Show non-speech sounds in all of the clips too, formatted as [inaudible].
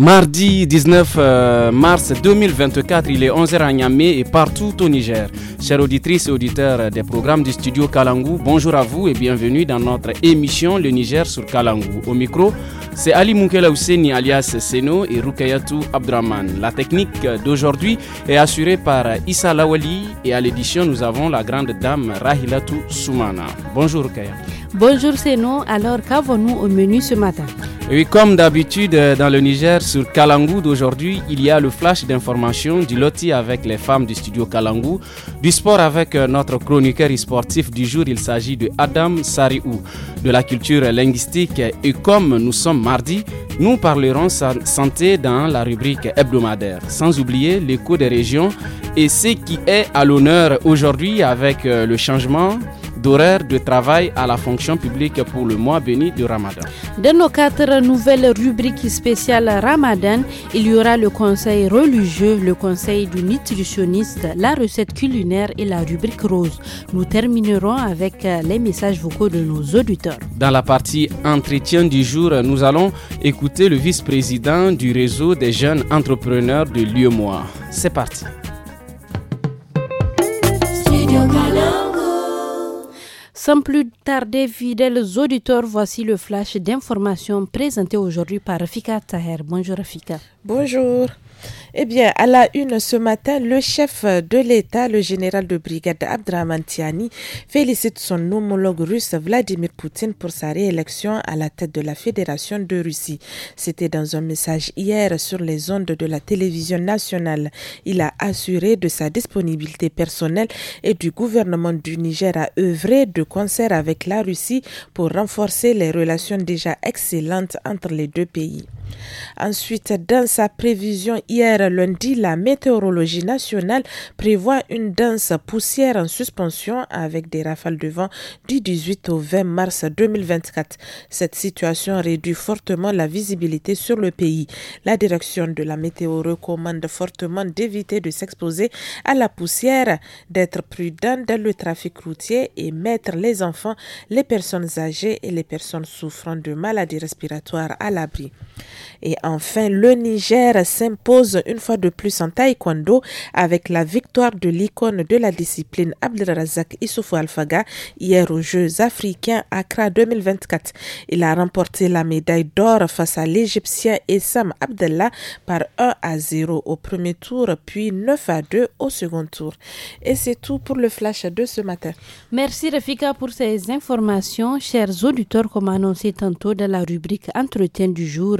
Mardi 19 euh, mars 2024, il est 11h à Niamey et partout au Niger. Chères auditrices et auditeurs des programmes du studio Kalangou, bonjour à vous et bienvenue dans notre émission Le Niger sur Kalangou. Au micro, c'est Ali Moukela Ousseni alias Seno et Rukayatou Abdraman. La technique d'aujourd'hui est assurée par Issa Lawali et à l'édition, nous avons la grande dame Rahilatou Soumana. Bonjour Rukaya. Bonjour c'est nous. alors qu'avons-nous au menu ce matin Oui, comme d'habitude euh, dans le Niger, sur Kalangou d'aujourd'hui, il y a le flash d'information du loti avec les femmes du studio Kalangou, du sport avec euh, notre chroniqueur sportif du jour, il s'agit de Adam Sariou, de la culture linguistique et comme nous sommes mardi, nous parlerons santé dans la rubrique hebdomadaire, sans oublier l'écho des régions et ce qui est à l'honneur aujourd'hui avec euh, le changement d'horaire de travail à la fonction publique pour le mois béni de Ramadan. Dans nos quatre nouvelles rubriques spéciales Ramadan, il y aura le conseil religieux, le conseil du nutritionniste, la recette culinaire et la rubrique rose. Nous terminerons avec euh, les messages vocaux de nos auditeurs. Dans la partie entretien du jour, nous allons écouter le vice-président du réseau des jeunes entrepreneurs de Mois. C'est parti. Sans plus tarder, fidèles auditeurs, voici le flash d'informations présenté aujourd'hui par Rafika Taher. Bonjour Rafika. Bonjour. Eh bien, à la une ce matin, le chef de l'État, le général de brigade Abdraman Tiani, félicite son homologue russe Vladimir Poutine pour sa réélection à la tête de la Fédération de Russie. C'était dans un message hier sur les ondes de la télévision nationale. Il a assuré de sa disponibilité personnelle et du gouvernement du Niger à œuvrer de concert avec la Russie pour renforcer les relations déjà excellentes entre les deux pays. Ensuite, dans sa prévision hier lundi, la météorologie nationale prévoit une dense poussière en suspension avec des rafales de vent du 18 au 20 mars 2024. Cette situation réduit fortement la visibilité sur le pays. La direction de la météo recommande fortement d'éviter de s'exposer à la poussière, d'être prudent dans le trafic routier et mettre les enfants, les personnes âgées et les personnes souffrant de maladies respiratoires à l'abri. Et enfin, le Niger s'impose une fois de plus en taekwondo avec la victoire de l'icône de la discipline Abdelrazak Issoufou Alfaga hier aux Jeux africains Accra 2024. Il a remporté la médaille d'or face à l'Égyptien Essam Abdallah par 1 à 0 au premier tour, puis 9 à 2 au second tour. Et c'est tout pour le flash de ce matin. Merci Rafika pour ces informations. Chers auditeurs, comme annoncé tantôt dans la rubrique Entretien du jour,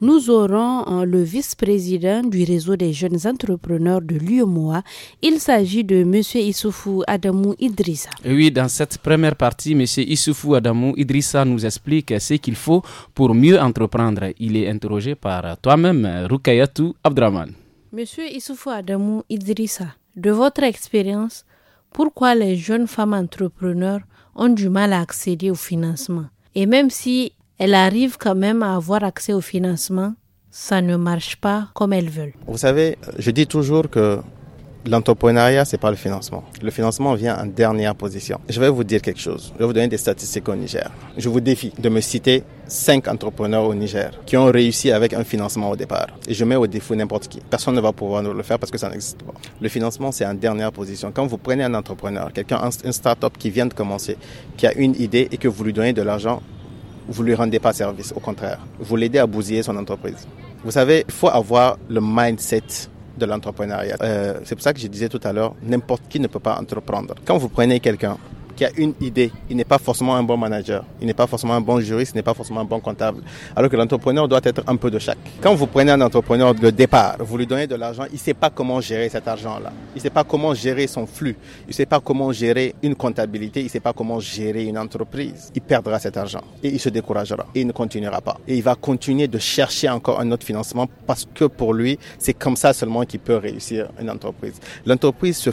nous aurons euh, le vice-président du réseau des jeunes entrepreneurs de l'UMOA. Il s'agit de M. Issoufou Adamou Idrissa. Oui, dans cette première partie, M. Issoufou Adamou Idrissa nous explique ce qu'il faut pour mieux entreprendre. Il est interrogé par toi-même, Rukayatu Abdraman. Monsieur Issoufou Adamou Idrissa, de votre expérience, pourquoi les jeunes femmes entrepreneurs ont du mal à accéder au financement Et même si elle arrive quand même à avoir accès au financement, ça ne marche pas comme elle veut. Vous savez, je dis toujours que l'entrepreneuriat, n'est pas le financement. Le financement vient en dernière position. Je vais vous dire quelque chose. Je vais vous donner des statistiques au Niger. Je vous défie de me citer cinq entrepreneurs au Niger qui ont réussi avec un financement au départ. Et je mets au défaut n'importe qui. Personne ne va pouvoir nous le faire parce que ça n'existe pas. Le financement, c'est en dernière position. Quand vous prenez un entrepreneur, quelqu'un, une start-up qui vient de commencer, qui a une idée et que vous lui donnez de l'argent, vous ne lui rendez pas service, au contraire. Vous l'aidez à bousiller son entreprise. Vous savez, il faut avoir le mindset de l'entrepreneuriat. Euh, c'est pour ça que je disais tout à l'heure, n'importe qui ne peut pas entreprendre. Quand vous prenez quelqu'un y a une idée, il n'est pas forcément un bon manager, il n'est pas forcément un bon juriste, il n'est pas forcément un bon comptable. Alors que l'entrepreneur doit être un peu de chaque. Quand vous prenez un entrepreneur de départ, vous lui donnez de l'argent, il ne sait pas comment gérer cet argent-là. Il ne sait pas comment gérer son flux. Il ne sait pas comment gérer une comptabilité. Il ne sait pas comment gérer une entreprise. Il perdra cet argent et il se découragera et il ne continuera pas. Et il va continuer de chercher encore un autre financement parce que pour lui, c'est comme ça seulement qu'il peut réussir une entreprise. L'entreprise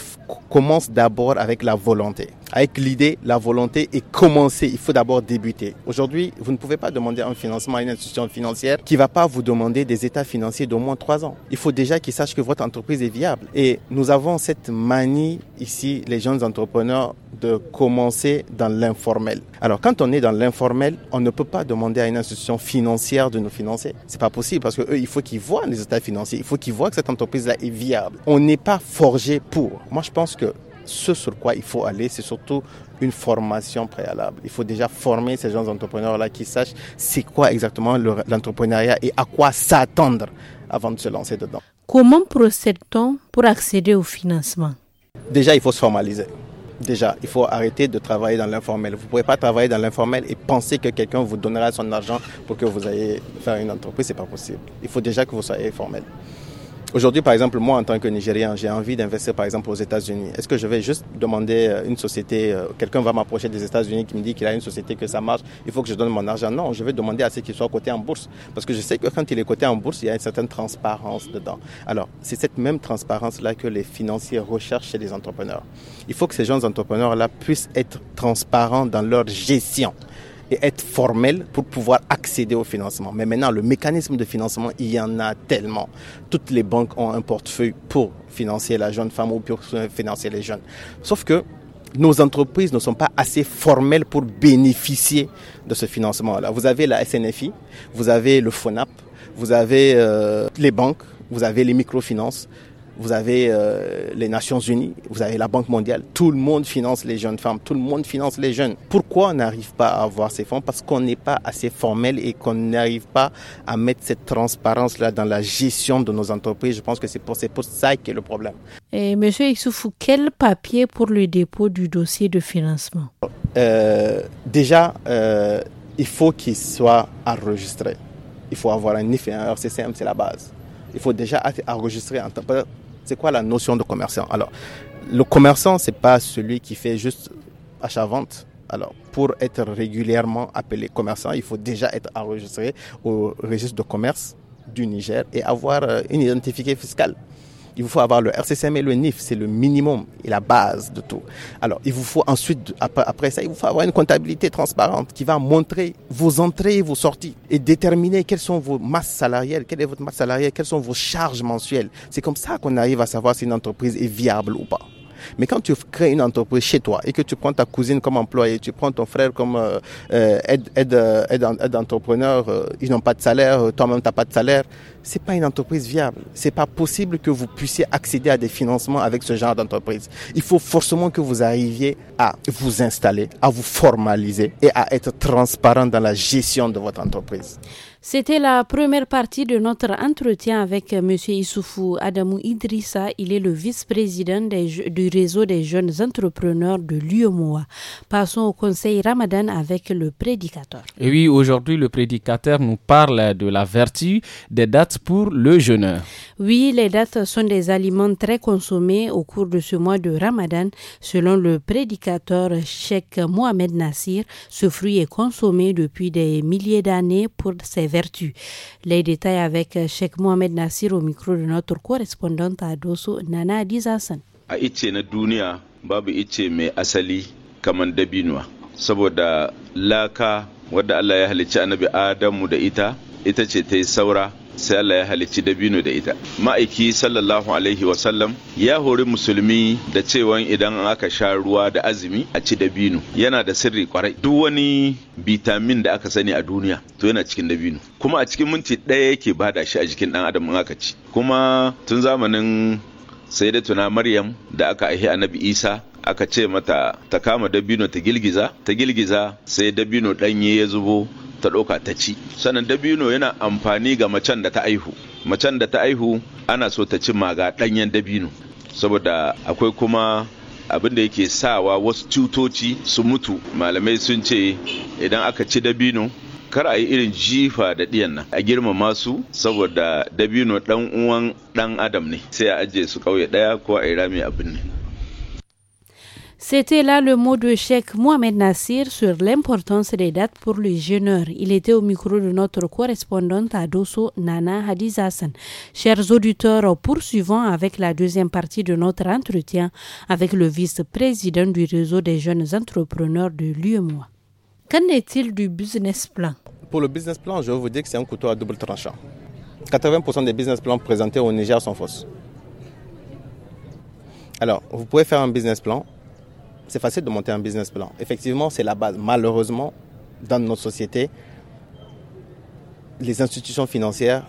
commence d'abord avec la volonté avec l'idée, la volonté et commencer. Il faut d'abord débuter. Aujourd'hui, vous ne pouvez pas demander un financement à une institution financière qui va pas vous demander des états financiers d'au moins trois ans. Il faut déjà qu'ils sachent que votre entreprise est viable. Et nous avons cette manie ici, les jeunes entrepreneurs, de commencer dans l'informel. Alors, quand on est dans l'informel, on ne peut pas demander à une institution financière de nous financer. C'est pas possible parce que eux, il faut qu'ils voient les états financiers. Il faut qu'ils voient que cette entreprise-là est viable. On n'est pas forgé pour. Moi, je pense que ce sur quoi il faut aller, c'est surtout une formation préalable. Il faut déjà former ces jeunes entrepreneurs-là qui sachent c'est quoi exactement l'entrepreneuriat et à quoi s'attendre avant de se lancer dedans. Comment procède-t-on pour accéder au financement Déjà, il faut se formaliser. Déjà, il faut arrêter de travailler dans l'informel. Vous ne pouvez pas travailler dans l'informel et penser que quelqu'un vous donnera son argent pour que vous ayez faire une entreprise. Ce n'est pas possible. Il faut déjà que vous soyez formel. Aujourd'hui, par exemple, moi, en tant que Nigérien, j'ai envie d'investir, par exemple, aux États-Unis. Est-ce que je vais juste demander euh, une société, euh, quelqu'un va m'approcher des États-Unis qui me dit qu'il a une société, que ça marche, il faut que je donne mon argent Non, je vais demander à ce qu'il soit coté en bourse. Parce que je sais que quand il est coté en bourse, il y a une certaine transparence dedans. Alors, c'est cette même transparence-là que les financiers recherchent chez les entrepreneurs. Il faut que ces jeunes entrepreneurs-là puissent être transparents dans leur gestion et être formel pour pouvoir accéder au financement. Mais maintenant, le mécanisme de financement, il y en a tellement. Toutes les banques ont un portefeuille pour financer la jeune femme ou pour financer les jeunes. Sauf que nos entreprises ne sont pas assez formelles pour bénéficier de ce financement-là. Vous avez la SNFI, vous avez le FONAP, vous avez euh, les banques, vous avez les microfinances, vous avez euh, les Nations Unies, vous avez la Banque mondiale, tout le monde finance les jeunes femmes, tout le monde finance les jeunes. Pourquoi on n'arrive pas à avoir ces fonds Parce qu'on n'est pas assez formel et qu'on n'arrive pas à mettre cette transparence-là dans la gestion de nos entreprises. Je pense que c'est pour, pour ça qu'est le problème. Et Monsieur Issoufou, quel papier pour le dépôt du dossier de financement euh, Déjà, euh, il faut qu'il soit enregistré. Il faut avoir un IF et un RCCM, c'est la base. Il faut déjà être enregistré en tant que c'est quoi la notion de commerçant Alors, le commerçant, c'est pas celui qui fait juste achat-vente. Alors, pour être régulièrement appelé commerçant, il faut déjà être enregistré au registre de commerce du Niger et avoir euh, une identification fiscale. Il vous faut avoir le RCCM et le NIF, c'est le minimum et la base de tout. Alors, il vous faut ensuite, après ça, il vous faut avoir une comptabilité transparente qui va montrer vos entrées et vos sorties et déterminer quelles sont vos masses salariales, quelle est votre masse salariale, quelles sont vos charges mensuelles. C'est comme ça qu'on arrive à savoir si une entreprise est viable ou pas. Mais quand tu crées une entreprise chez toi et que tu prends ta cousine comme employée, tu prends ton frère comme euh, euh, euh aide, aide, entrepreneur, euh, ils n'ont pas de salaire, toi-même t'as pas de salaire, c'est pas une entreprise viable. C'est pas possible que vous puissiez accéder à des financements avec ce genre d'entreprise. Il faut forcément que vous arriviez à vous installer, à vous formaliser et à être transparent dans la gestion de votre entreprise. C'était la première partie de notre entretien avec M. Issoufou Adamou Idrissa. Il est le vice-président du réseau des jeunes entrepreneurs de l'UEMOA. Passons au conseil ramadan avec le prédicateur. oui, aujourd'hui, le prédicateur nous parle de la vertu des dates pour le jeûneur. Oui, les dates sont des aliments très consommés au cours de ce mois de ramadan. Selon le prédicateur Sheikh Mohamed Nassir, ce fruit est consommé depuis des milliers d'années pour ses vertus. Les détails avec eh, Sheikh Mohamed Nassir au micro de notre correspondante à Dosso, Nana Dizassan. A ice na duniya babu ice mai asali kamar dabinuwa, saboda laka wadda Allah ya halicci annabi Adamu da ita, ita ce ta yi saura sai Allah ya halicci dabino da ita ma'aiki sallallahu alaihi wasallam ya hori musulmi da cewa idan aka sha ruwa da azumi a ci dabino yana da sirri kwarai duk wani bitamin da aka sani a duniya to yana cikin dabino kuma a cikin minti ɗaya yake bada shi a jikin ɗan adam in aka ci kuma tun zamanin sayyidatuna maryam da aka aihi annabi isa aka ce mata ta kama dabino ta gilgiza ta gilgiza sai dabino ɗanye ya zubo ta ɗauka ta ci sannan dabino yana amfani ga macen da ta aihu macen da ta aihu ana so ta ci maga ɗanyen dabino saboda akwai kuma abin da yake sawa wasu cutoci su mutu malamai sun ce idan aka ci dabino kar a yi irin jifa da ɗiyan nan a girmama su saboda dabino ɗan uwan ɗan adam ne sai a ajiye su ƙauye ɗaya ko a yi rami abin ne C'était là le mot de chèque Mohamed Nassir sur l'importance des dates pour les jeunes Il était au micro de notre correspondante à Nana Hadizassan. Chers auditeurs, poursuivons avec la deuxième partie de notre entretien avec le vice-président du réseau des jeunes entrepreneurs de l'UEMOA. Qu'en est-il du business plan Pour le business plan, je vais vous dire que c'est un couteau à double tranchant. 80% des business plans présentés au Niger sont fausses. Alors, vous pouvez faire un business plan, c'est facile de monter un business plan. Effectivement, c'est la base. Malheureusement, dans notre société, les institutions financières,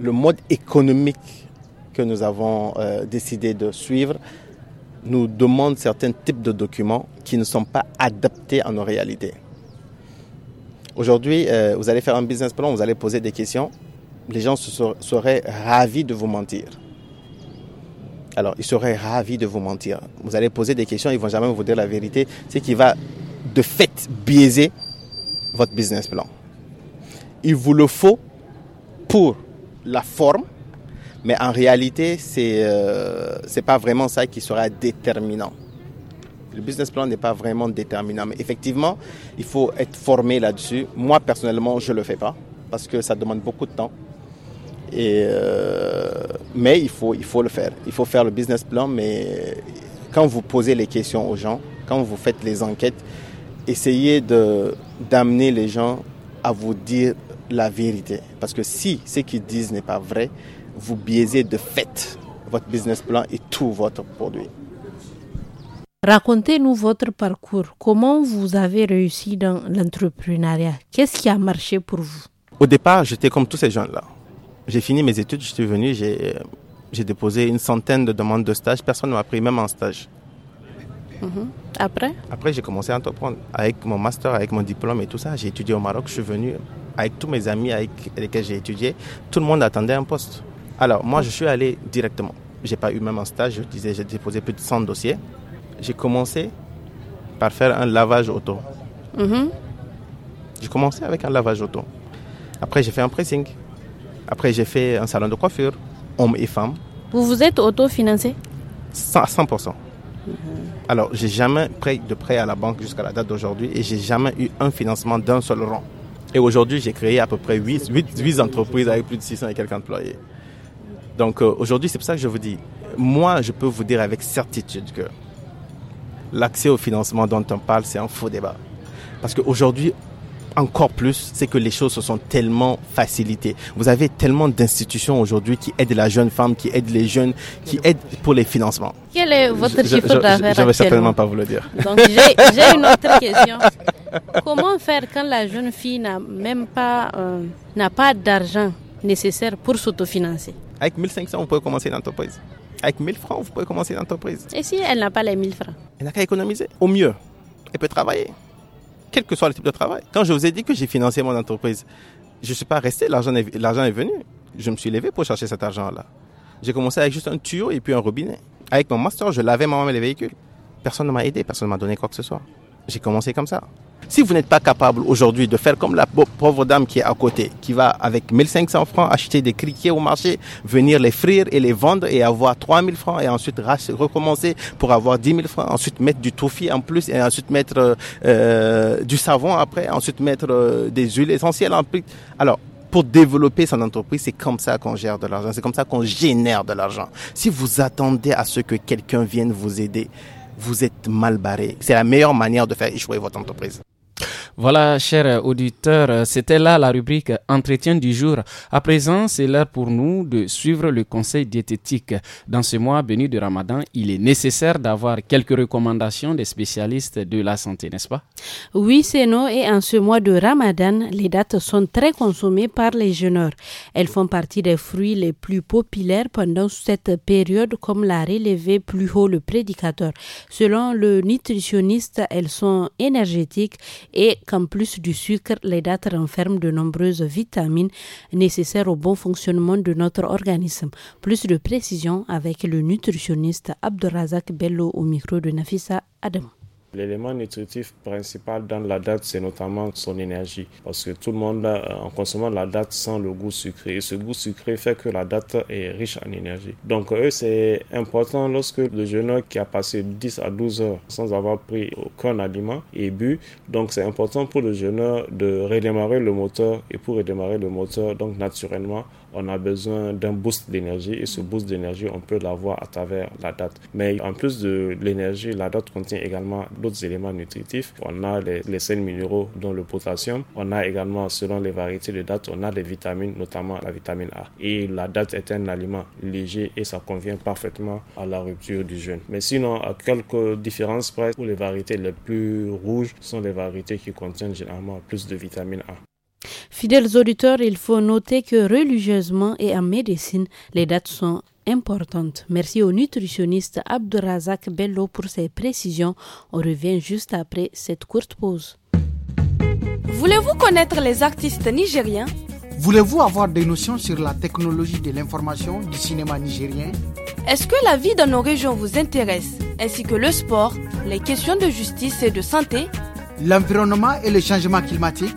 le mode économique que nous avons euh, décidé de suivre nous demande certains types de documents qui ne sont pas adaptés à nos réalités. Aujourd'hui, euh, vous allez faire un business plan, vous allez poser des questions, les gens seraient ravis de vous mentir alors ils seraient ravis de vous mentir. Vous allez poser des questions, ils vont jamais vous dire la vérité, ce qui va de fait biaiser votre business plan. Il vous le faut pour la forme, mais en réalité, c'est n'est euh, pas vraiment ça qui sera déterminant. Le business plan n'est pas vraiment déterminant, mais effectivement, il faut être formé là-dessus. Moi personnellement, je ne le fais pas parce que ça demande beaucoup de temps. Et, euh, mais il faut, il faut le faire. Il faut faire le business plan, mais quand vous posez les questions aux gens, quand vous faites les enquêtes, essayez d'amener les gens à vous dire la vérité. Parce que si ce qu'ils disent n'est pas vrai, vous biaisez de fait votre business plan et tout votre produit. Racontez-nous votre parcours. Comment vous avez réussi dans l'entrepreneuriat Qu'est-ce qui a marché pour vous Au départ, j'étais comme tous ces gens-là j'ai fini mes études, je suis venu, euh, j'ai déposé une centaine de demandes de stage. Personne ne m'a pris, même en stage. Mm-hmm. Après Après, j'ai commencé à entreprendre. Avec mon master, avec mon diplôme et tout ça, j'ai étudié au Maroc. Je suis venu avec tous mes amis avec lesquels j'ai étudié. Tout le monde attendait un poste. Alors, moi, je suis allé directement. Je n'ai pas eu même un stage. Je disais, j'ai déposé plus de 100 dossiers. J'ai commencé par faire un lavage auto. Mm-hmm. J'ai commencé avec un lavage auto. Après, j'ai fait un pressing. Après, j'ai fait un salon de coiffure, hommes et femmes. Vous vous êtes autofinancé 100%. 100%. Alors, Alors, j'ai jamais pris de prêt à la banque jusqu'à la date d'aujourd'hui et j'ai jamais eu un financement d'un seul rang. Et aujourd'hui, j'ai créé à peu près 8, 8, 8, entreprises avec plus de 600 et quelques employés. Donc euh, aujourd'hui, c'est pour ça que je vous dis, moi, je peux vous dire avec certitude que l'accès au financement dont on parle, c'est un faux débat. Parce qu'aujourd'hui, encore plus, c'est que les choses se sont tellement facilitées. Vous avez tellement d'institutions aujourd'hui qui aident la jeune femme, qui aident les jeunes, qui aident pour les financements. Quel est votre chiffre d'affaires Je ne vais certainement pas vous le dire. Donc j'ai une autre question. Comment faire quand la jeune fille n'a même pas, euh, pas d'argent nécessaire pour s'autofinancer Avec 1500, on peut commencer une entreprise. Avec 1000 francs, vous pouvez commencer une entreprise. Et si elle n'a pas les 1000 francs Elle n'a qu'à économiser. Au mieux, elle peut travailler quel que soit le type de travail. Quand je vous ai dit que j'ai financé mon entreprise, je ne suis pas resté, l'argent est, est venu. Je me suis levé pour chercher cet argent-là. J'ai commencé avec juste un tuyau et puis un robinet. Avec mon master, je lavais moi-même les véhicules. Personne ne m'a aidé, personne ne m'a donné quoi que ce soit. J'ai commencé comme ça. Si vous n'êtes pas capable aujourd'hui de faire comme la pauvre dame qui est à côté, qui va avec 1500 francs acheter des criquets au marché, venir les frire et les vendre et avoir 3000 francs et ensuite recommencer pour avoir 10 000 francs, ensuite mettre du tofu en plus et ensuite mettre euh, euh, du savon après, ensuite mettre euh, des huiles essentielles en plus. Alors, pour développer son entreprise, c'est comme ça qu'on gère de l'argent, c'est comme ça qu'on génère de l'argent. Si vous attendez à ce que quelqu'un vienne vous aider, vous êtes mal barré. C'est la meilleure manière de faire échouer votre entreprise. Voilà, chers auditeurs, c'était là la rubrique Entretien du jour. À présent, c'est l'heure pour nous de suivre le conseil diététique. Dans ce mois béni de Ramadan, il est nécessaire d'avoir quelques recommandations des spécialistes de la santé, n'est-ce pas Oui, c'est nous. Et en ce mois de Ramadan, les dates sont très consommées par les jeûneurs. Elles font partie des fruits les plus populaires pendant cette période, comme l'a relevé plus haut le prédicateur. Selon le nutritionniste, elles sont énergétiques et qu'en plus du sucre, les dattes renferment de nombreuses vitamines nécessaires au bon fonctionnement de notre organisme. Plus de précision avec le nutritionniste Abderrazak Bello au micro de Nafisa Adam. L'élément nutritif principal dans la date, c'est notamment son énergie. Parce que tout le monde, euh, en consommant la date, sent le goût sucré. Et ce goût sucré fait que la date est riche en énergie. Donc, c'est important lorsque le jeuneur qui a passé 10 à 12 heures sans avoir pris aucun aliment et bu. Donc, c'est important pour le jeuneur de redémarrer le moteur. Et pour redémarrer le moteur, donc naturellement, on a besoin d'un boost d'énergie et ce mm. boost d'énergie, on peut l'avoir à travers la date. Mais en plus de l'énergie, la date contient également d'autres éléments nutritifs. On a les, les sels minéraux, dont le potassium. On a également, selon les variétés de date, on a des vitamines, notamment la vitamine A. Et la date est un aliment léger et ça convient parfaitement à la rupture du jeûne. Mais sinon, à quelques différences près, où les variétés les plus rouges sont les variétés qui contiennent généralement plus de vitamine A. Fidèles auditeurs, il faut noter que religieusement et en médecine, les dates sont importantes. Merci au nutritionniste Abdurazak Bello pour ses précisions. On revient juste après cette courte pause. Voulez-vous connaître les artistes nigériens Voulez-vous avoir des notions sur la technologie de l'information du cinéma nigérien Est-ce que la vie dans nos régions vous intéresse, ainsi que le sport, les questions de justice et de santé L'environnement et le changement climatique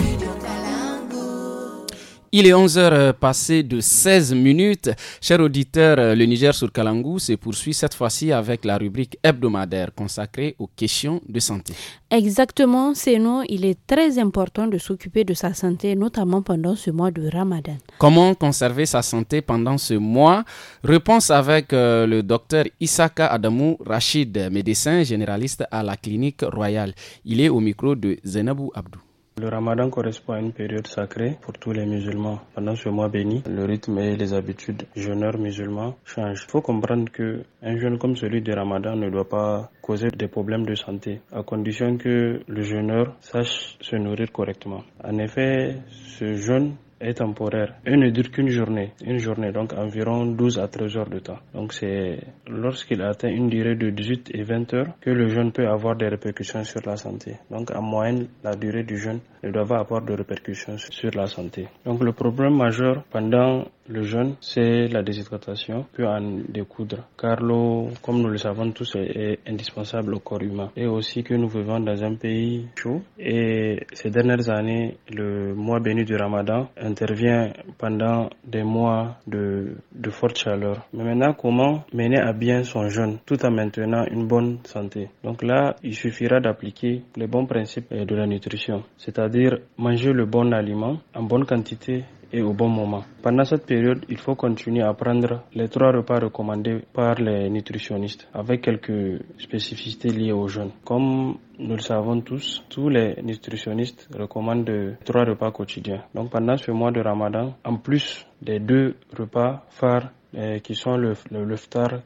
Il est 11h euh, passé de 16 minutes. Cher auditeur, euh, le Niger sur Kalangou se poursuit cette fois-ci avec la rubrique hebdomadaire consacrée aux questions de santé. Exactement, sinon il est très important de s'occuper de sa santé, notamment pendant ce mois de Ramadan. Comment conserver sa santé pendant ce mois Réponse avec euh, le docteur Isaka Adamou Rachid, médecin généraliste à la clinique royale. Il est au micro de Zenabou Abdou. Le ramadan correspond à une période sacrée pour tous les musulmans. Pendant ce mois béni, le rythme et les habitudes jeuneurs musulmans changent. Il faut comprendre que un jeûne comme celui du ramadan ne doit pas causer des problèmes de santé, à condition que le jeûneur sache se nourrir correctement. En effet, ce jeûne est temporaire et ne dure qu'une journée, une journée, donc environ 12 à 13 heures de temps. Donc c'est lorsqu'il atteint une durée de 18 et 20 heures que le jeûne peut avoir des répercussions sur la santé. Donc en moyenne, la durée du jeûne ne doit pas avoir de répercussions sur la santé. Donc le problème majeur pendant le jeûne, c'est la déshydratation, puis en découdre. Car l'eau, comme nous le savons tous, est indispensable au corps humain. Et aussi que nous vivons dans un pays chaud. Et ces dernières années, le mois béni du Ramadan intervient pendant des mois de, de forte chaleur. Mais maintenant, comment mener à bien son jeûne tout en maintenant une bonne santé Donc là, il suffira d'appliquer les bons principes de la nutrition, c'est-à-dire manger le bon aliment en bonne quantité et au bon moment. Pendant cette période, il faut continuer à prendre les trois repas recommandés par les nutritionnistes avec quelques spécificités liées aux jeunes. Comme nous le savons tous, tous les nutritionnistes recommandent trois repas quotidiens. Donc pendant ce mois de Ramadan, en plus des deux repas phares eh, qui sont le, le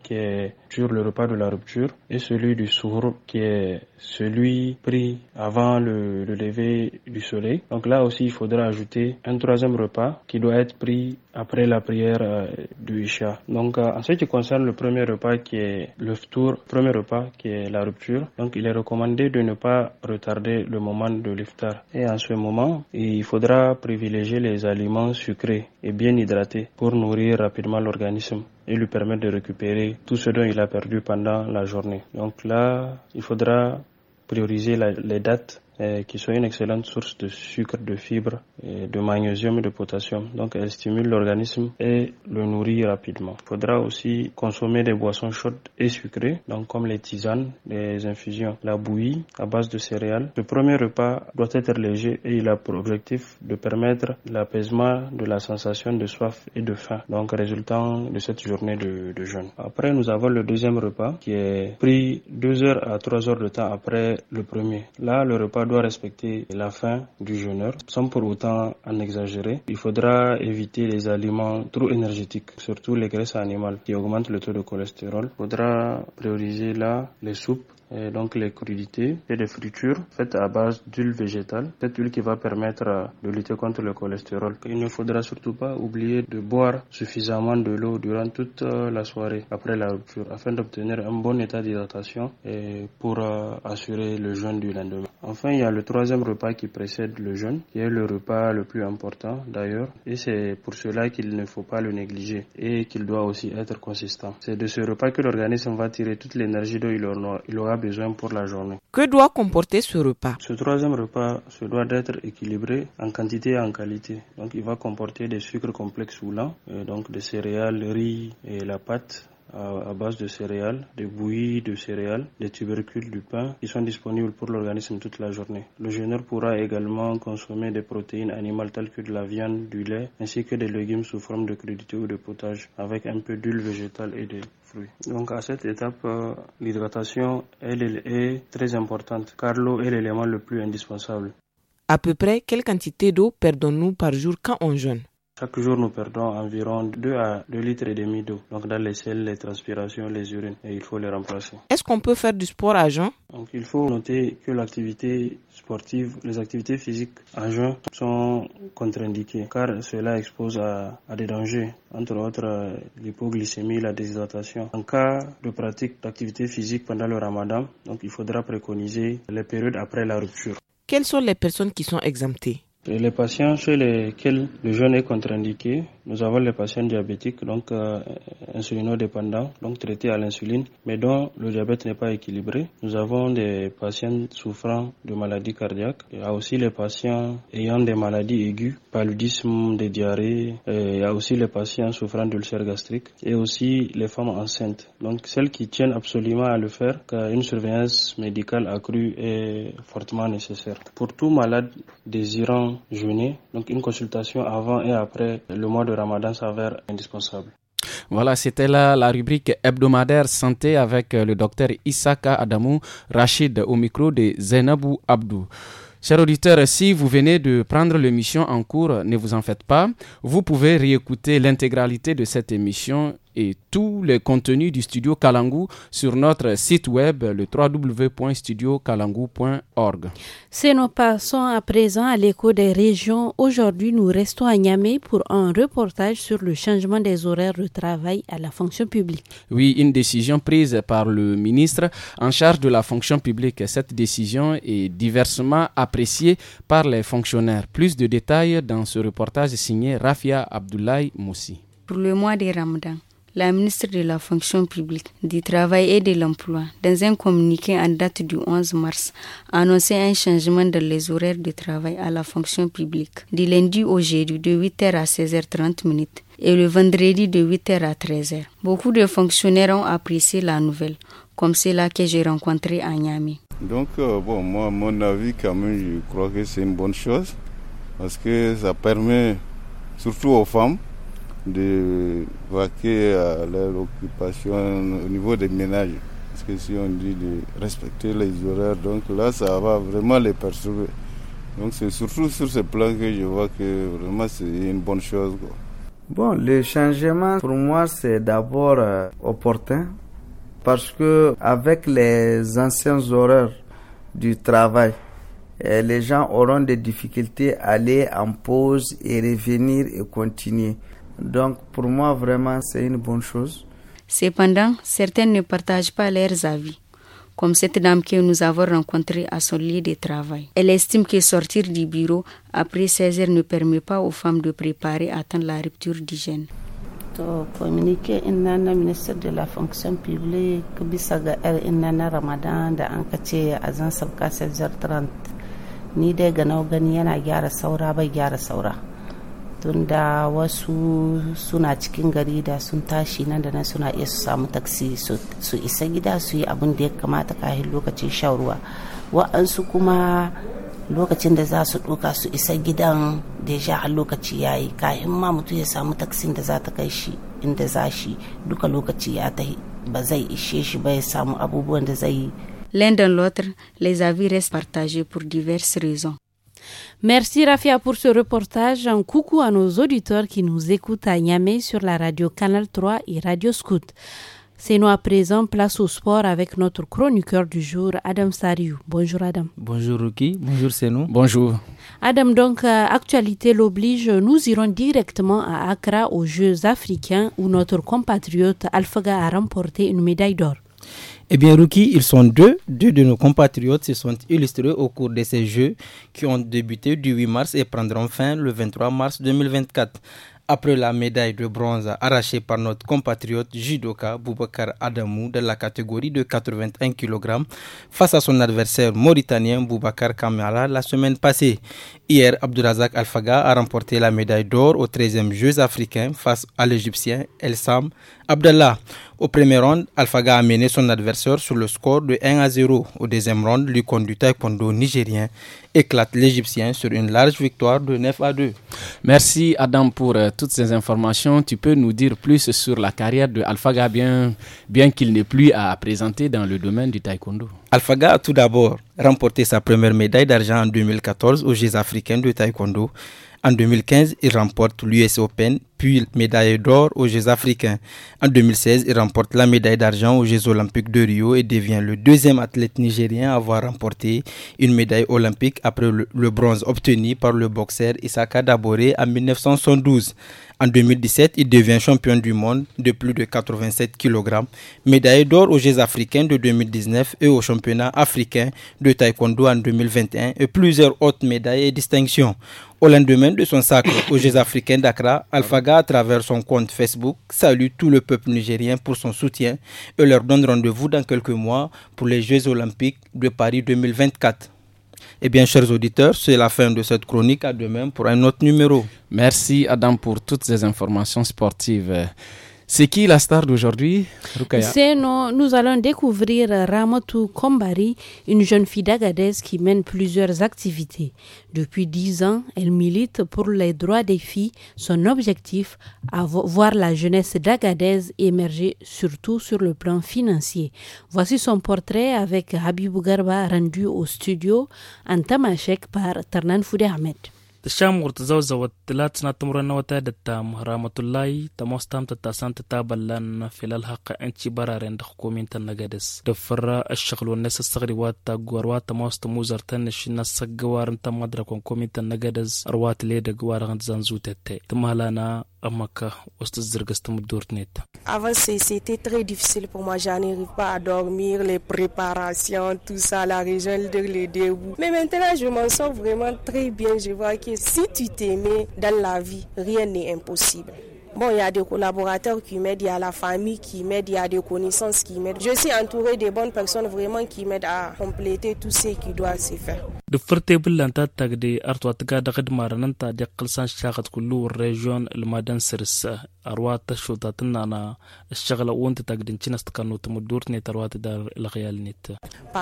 qui est sur le repas de la rupture, et celui du sourd qui est celui pris avant le, lever du soleil. Donc là aussi, il faudra ajouter un troisième repas qui doit être pris après la prière euh, du Isha. Donc, euh, en ce qui concerne le premier repas qui est le tour, premier repas qui est la rupture, donc il est recommandé de ne pas retarder le moment de l'iftar. Et en ce moment, il faudra privilégier les aliments sucrés et bien hydratés pour nourrir rapidement l'organisme et lui permettre de récupérer tout ce dont il a perdu pendant la journée. Donc là, il faudra prioriser les dates euh, qui sont une excellente source de sucre, de fibres, et de magnésium et de potassium. Donc elle stimule l'organisme et le nourrit rapidement. Il faudra aussi consommer des boissons chaudes et sucrées, donc comme les tisanes, les infusions, la bouillie à base de céréales. Le premier repas doit être léger et il a pour objectif de permettre l'apaisement de la sensation de soif et de faim, donc résultant de cette journée de, jeûne. Après, nous avons le deuxième repas qui est pris 2 heures à 3 heures de temps après le premier. Là, le repas doit respecter la faim du jeûneur, sans pour autant en exagérer. Il faudra éviter les aliments trop énergétiques, surtout les graisses animales qui augmentent le taux de cholestérol. Il faudra prioriser là les soupes euh, donc les crudités et les fritures faites à base d'huile végétale, cette huile qui va permettre euh, de lutter contre le cholestérol. Il ne faudra surtout pas oublier de boire suffisamment de l'eau durant toute euh, la soirée après la rupture afin d'obtenir un bon état d'hydratation et pour assurer le jeûne du lendemain. Enfin, il y a le troisième repas qui précède le jeûne, qui est le repas le plus important d'ailleurs, et c'est pour cela qu'il ne faut pas le négliger et qu'il doit aussi être consistant. C'est de ce repas que l'organisme va tirer toute l'énergie dont il aura besoin pour la journée. Que doit comporter ce repas Ce troisième repas se doit d'être équilibré en quantité et en qualité. Donc il va comporter des sucres complexes ou lents, euh, donc des céréales, le riz et la pâte, à, base de céréales, de bouillies de céréales, des tubercules, du pain, qui sont disponibles pour l'organisme toute la journée. Le jeûneur pourra également consommer des protéines animales telles que de la viande, du lait, ainsi que des légumes sous forme de crudités ou de potage, avec un peu d'huile végétale et de fruits. Donc à cette étape, euh, l'hydratation, elle, est très importante, car l'eau est l'élément le plus indispensable. À peu près, quelle quantité d'eau perdons-nous par jour quand on jeûne chaque jour, nous perdons environ 2 à 2 litres et demi d'eau. Donc, dans les selles, les transpirations, les urines, et il faut les remplacer. Est-ce qu'on peut faire du sport à jeun Donc, il faut noter que l'activité sportive, les activités physiques à jeun sont contre-indiquées, car cela expose à, des dangers, entre autres euh, l'hypoglycémie, la déshydratation. En cas de pratique d'activité physique pendant le ramadan, donc il faudra préconiser les périodes après la rupture. Quelles sont les personnes qui sont exemptées et les patients chez lesquels le jeûne est contre-indiqué, nous avons les patients diabétiques, donc euh, dépendants donc traités à l'insuline, mais dont le diabète n'est pas équilibré. Nous avons des patients souffrant de maladies cardiaques. Il y a aussi les patients ayant des maladies aiguës, paludisme, des diarrhées. Et euh, il y a aussi les patients souffrant d'ulcères gastriques et aussi les femmes enceintes. Donc celles qui tiennent absolument à le faire, car une surveillance médicale accrue est fortement nécessaire. Pour tout malade désirant jeûner. Donc une consultation avant et après le mois de Ramadan s'avère indispensable. Voilà, c'était là la rubrique hebdomadaire santé avec euh, le docteur Isaka Adamou Rachid au micro de Zainabou Abdou. Chers auditeurs, si vous venez de prendre l'émission en cours, ne vous en faites pas. Vous pouvez réécouter l'intégralité de cette émission et tous les contenus du studio Kalangu sur notre site web le www.studiokalangu.org. C'est nous passons à présent à l'écho des régions, aujourd'hui nous restons à Niamey pour un reportage sur le changement des horaires de travail à la fonction publique. Oui, une décision prise par le ministre en charge de la fonction publique. Cette décision est diversement appréciée par les fonctionnaires. Plus de détails dans ce reportage signé Rafia Abdoulaye Moussi. Pour le mois des Ramadan, la ministre de la fonction publique, du travail et de l'emploi, dans un communiqué en date du 11 mars, a annoncé un changement dans les horaires de travail à la fonction publique, du lundi au jeudi de 8h à 16h30 minutes et le vendredi de 8h à 13h. Beaucoup de fonctionnaires ont apprécié la nouvelle, comme c'est que j'ai rencontré à Niamey. Donc, euh, bon, moi, mon avis, quand même, je crois que c'est une bonne chose, parce que ça permet, surtout aux femmes, de vaquer à leur occupation au niveau des ménages. Parce que si on dit de respecter les horaires, donc là, ça va vraiment les perturber. Donc c'est surtout sur ce plan que je vois que vraiment c'est une bonne chose. Bon, le changement pour moi c'est d'abord euh, opportun parce que avec les anciens horaires du travail, euh, les gens auront des difficultés à aller en pause et revenir et continuer. Donc pour moi, vraiment, c'est une bonne chose. Cependant, certaines ne partagent pas leurs avis, comme cette dame que nous avons rencontrée à son lieu de travail. Elle estime que sortir du bureau après 16 h ne permet pas aux femmes de préparer à temps la rupture d'hygiène. to communique in na minister de la fonction publique bisa ga yar in na ramadan da an kace a zan sabka 30 ni dai ganau nau gani yana gyara saura bai gyara saura tunda wasu suna cikin gari da sun tashi nan da nan suna iya su samu taksi su isa gida su yi abin da ya kamata kahin lokacin shan ruwa wa'ansu kuma lokacin da za su ɗoka su isa gidan da ya har lokaci ya yi kahin ma mutum ya samu taksin da za ta kai shi inda za shi duka lokaci ya ta ba zai ishe shi ba ya samu abubuwan da zai yi. london dans les avis partagés pour diverses raisons. Merci Rafia pour ce reportage. Un coucou à nos auditeurs qui nous écoutent à Niamey sur la radio Canal 3 et Radio Scout. C'est nous à présent place au sport avec notre chroniqueur du jour, Adam Sariou. Bonjour Adam. Bonjour Ruki. Bonjour nous. Bonjour. Adam, donc, euh, actualité l'oblige, nous irons directement à Accra aux Jeux africains où notre compatriote Alphaga a remporté une médaille d'or. Eh bien, Rookie, ils sont deux. Deux de nos compatriotes se sont illustrés au cours de ces Jeux qui ont débuté du 8 mars et prendront fin le 23 mars 2024 après la médaille de bronze arrachée par notre compatriote judoka Boubacar Adamou de la catégorie de 81 kg face à son adversaire mauritanien Boubacar Kamala la semaine passée. Hier, Abdurazak Alfaga a remporté la médaille d'or au 13e Jeux africains face à l'Égyptien El Sam Abdallah, au premier round, Alphaga a mené son adversaire sur le score de 1 à 0. Au deuxième round, l'icône du taekwondo nigérien éclate l'Égyptien sur une large victoire de 9 à 2. Merci Adam pour euh, toutes ces informations. Tu peux nous dire plus sur la carrière de Alfaga, bien, bien qu'il n'ait plus à présenter dans le domaine du taekwondo. Alphaga a tout d'abord remporté sa première médaille d'argent en 2014 aux Jeux africains de taekwondo. En 2015, il remporte l'US Open, puis médaille d'or aux Jeux africains. En 2016, il remporte la médaille d'argent aux Jeux olympiques de Rio et devient le deuxième athlète nigérien à avoir remporté une médaille olympique après le bronze obtenu par le boxeur Isaka Dabore en 1972. En 2017, il devient champion du monde de plus de 87 kg, médaille d'or aux Jeux africains de 2019 et au championnat africain de taekwondo en 2021 et plusieurs autres médailles et distinctions. Au lendemain de son sacre aux Jeux africains d'Accra, Alphaga, à travers son compte Facebook, salue tout le peuple nigérien pour son soutien et leur donne rendez-vous dans quelques mois pour les Jeux olympiques de Paris 2024. Eh bien, chers auditeurs, c'est la fin de cette chronique. À demain pour un autre numéro. Merci, Adam, pour toutes ces informations sportives. C'est qui la star d'aujourd'hui, nous, nous allons découvrir euh, Ramatou Kombari, une jeune fille d'Agadez qui mène plusieurs activités. Depuis dix ans, elle milite pour les droits des filles. Son objectif, voir la jeunesse d'Agadez émerger, surtout sur le plan financier. Voici son portrait avec Habibou Garba rendu au studio en Tamashek par Tarnan Foudé Ahmed. تشام ورتزوزة تلات سنة تمرن وتا تام رحمة الله تموستام تتاسان تتابلان في الحق انتي برارين دخكومين تنقدس دفرا الشغل والناس الصغري واتا قوروات تموست موزر تنشي الناس قوار انت مدركون كومين تنقدس روات ليدا قوار غنزانزو تتي تمهلانا Avant, c'était très difficile pour moi. je n'arrive pas à dormir, les préparations, tout ça, la région de les Mais maintenant, je m'en sors vraiment très bien. Je vois que si tu t'aimes, dans la vie, rien n'est impossible. Bon, il y a des collaborateurs qui m'aident, il y a la famille qui m'aide, il y a des connaissances qui m'aident. Je suis entouré de bonnes personnes vraiment qui m'aident à compléter tout ce qui doit se faire. Par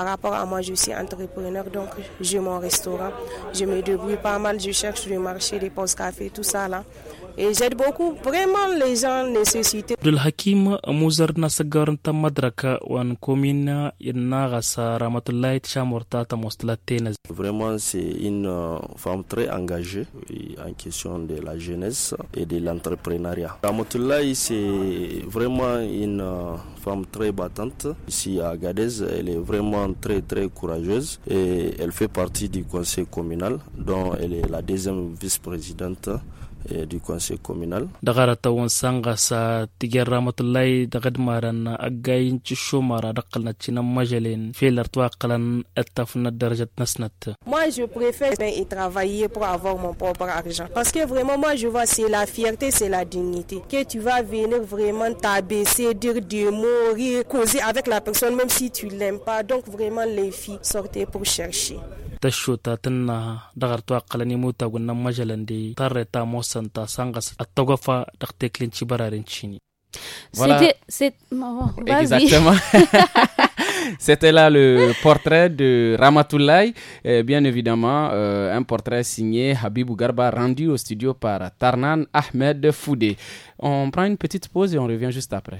rapport à moi, je suis entrepreneur, donc j'ai mon restaurant. Je me débrouille pas mal, je cherche le marché, les postes café, tout ça là et j'aide beaucoup vraiment les gens nécessités. Abdul Hakim Vraiment, c'est une euh, femme très engagée en question de la jeunesse et de l'entrepreneuriat. Ramatullah, c'est vraiment une euh, femme très battante. Ici à Gadez, elle est vraiment très très courageuse et elle fait partie du conseil communal dont elle est la deuxième vice-présidente du conseil communal moi je préfère travailler pour avoir mon propre argent parce que vraiment moi je vois c'est la fierté c'est la dignité que tu vas venir vraiment t'abaisser dire de mourir, causer avec la personne même si tu l'aimes pas donc vraiment les filles sortez pour chercher c'était, là le portrait de Ramatoulaye. bien évidemment, euh, un portrait signé Habibou Garba rendu au studio par Tarnan Ahmed Foudé. On prend une petite pause et on revient juste après.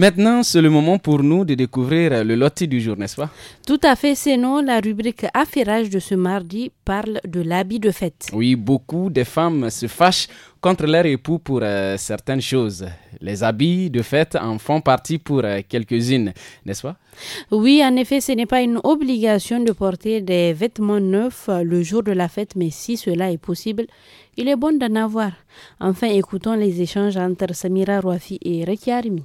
Maintenant, c'est le moment pour nous de découvrir le loti du jour, n'est-ce pas Tout à fait, c'est non. La rubrique Affairage de ce mardi parle de l'habit de fête. Oui, beaucoup de femmes se fâchent contre leur époux pour euh, certaines choses. Les habits de fête en font partie pour euh, quelques-unes, n'est-ce pas Oui, en effet, ce n'est pas une obligation de porter des vêtements neufs euh, le jour de la fête, mais si cela est possible, il est bon d'en avoir. Enfin, écoutons les échanges entre Samira Rouafi et Arimi.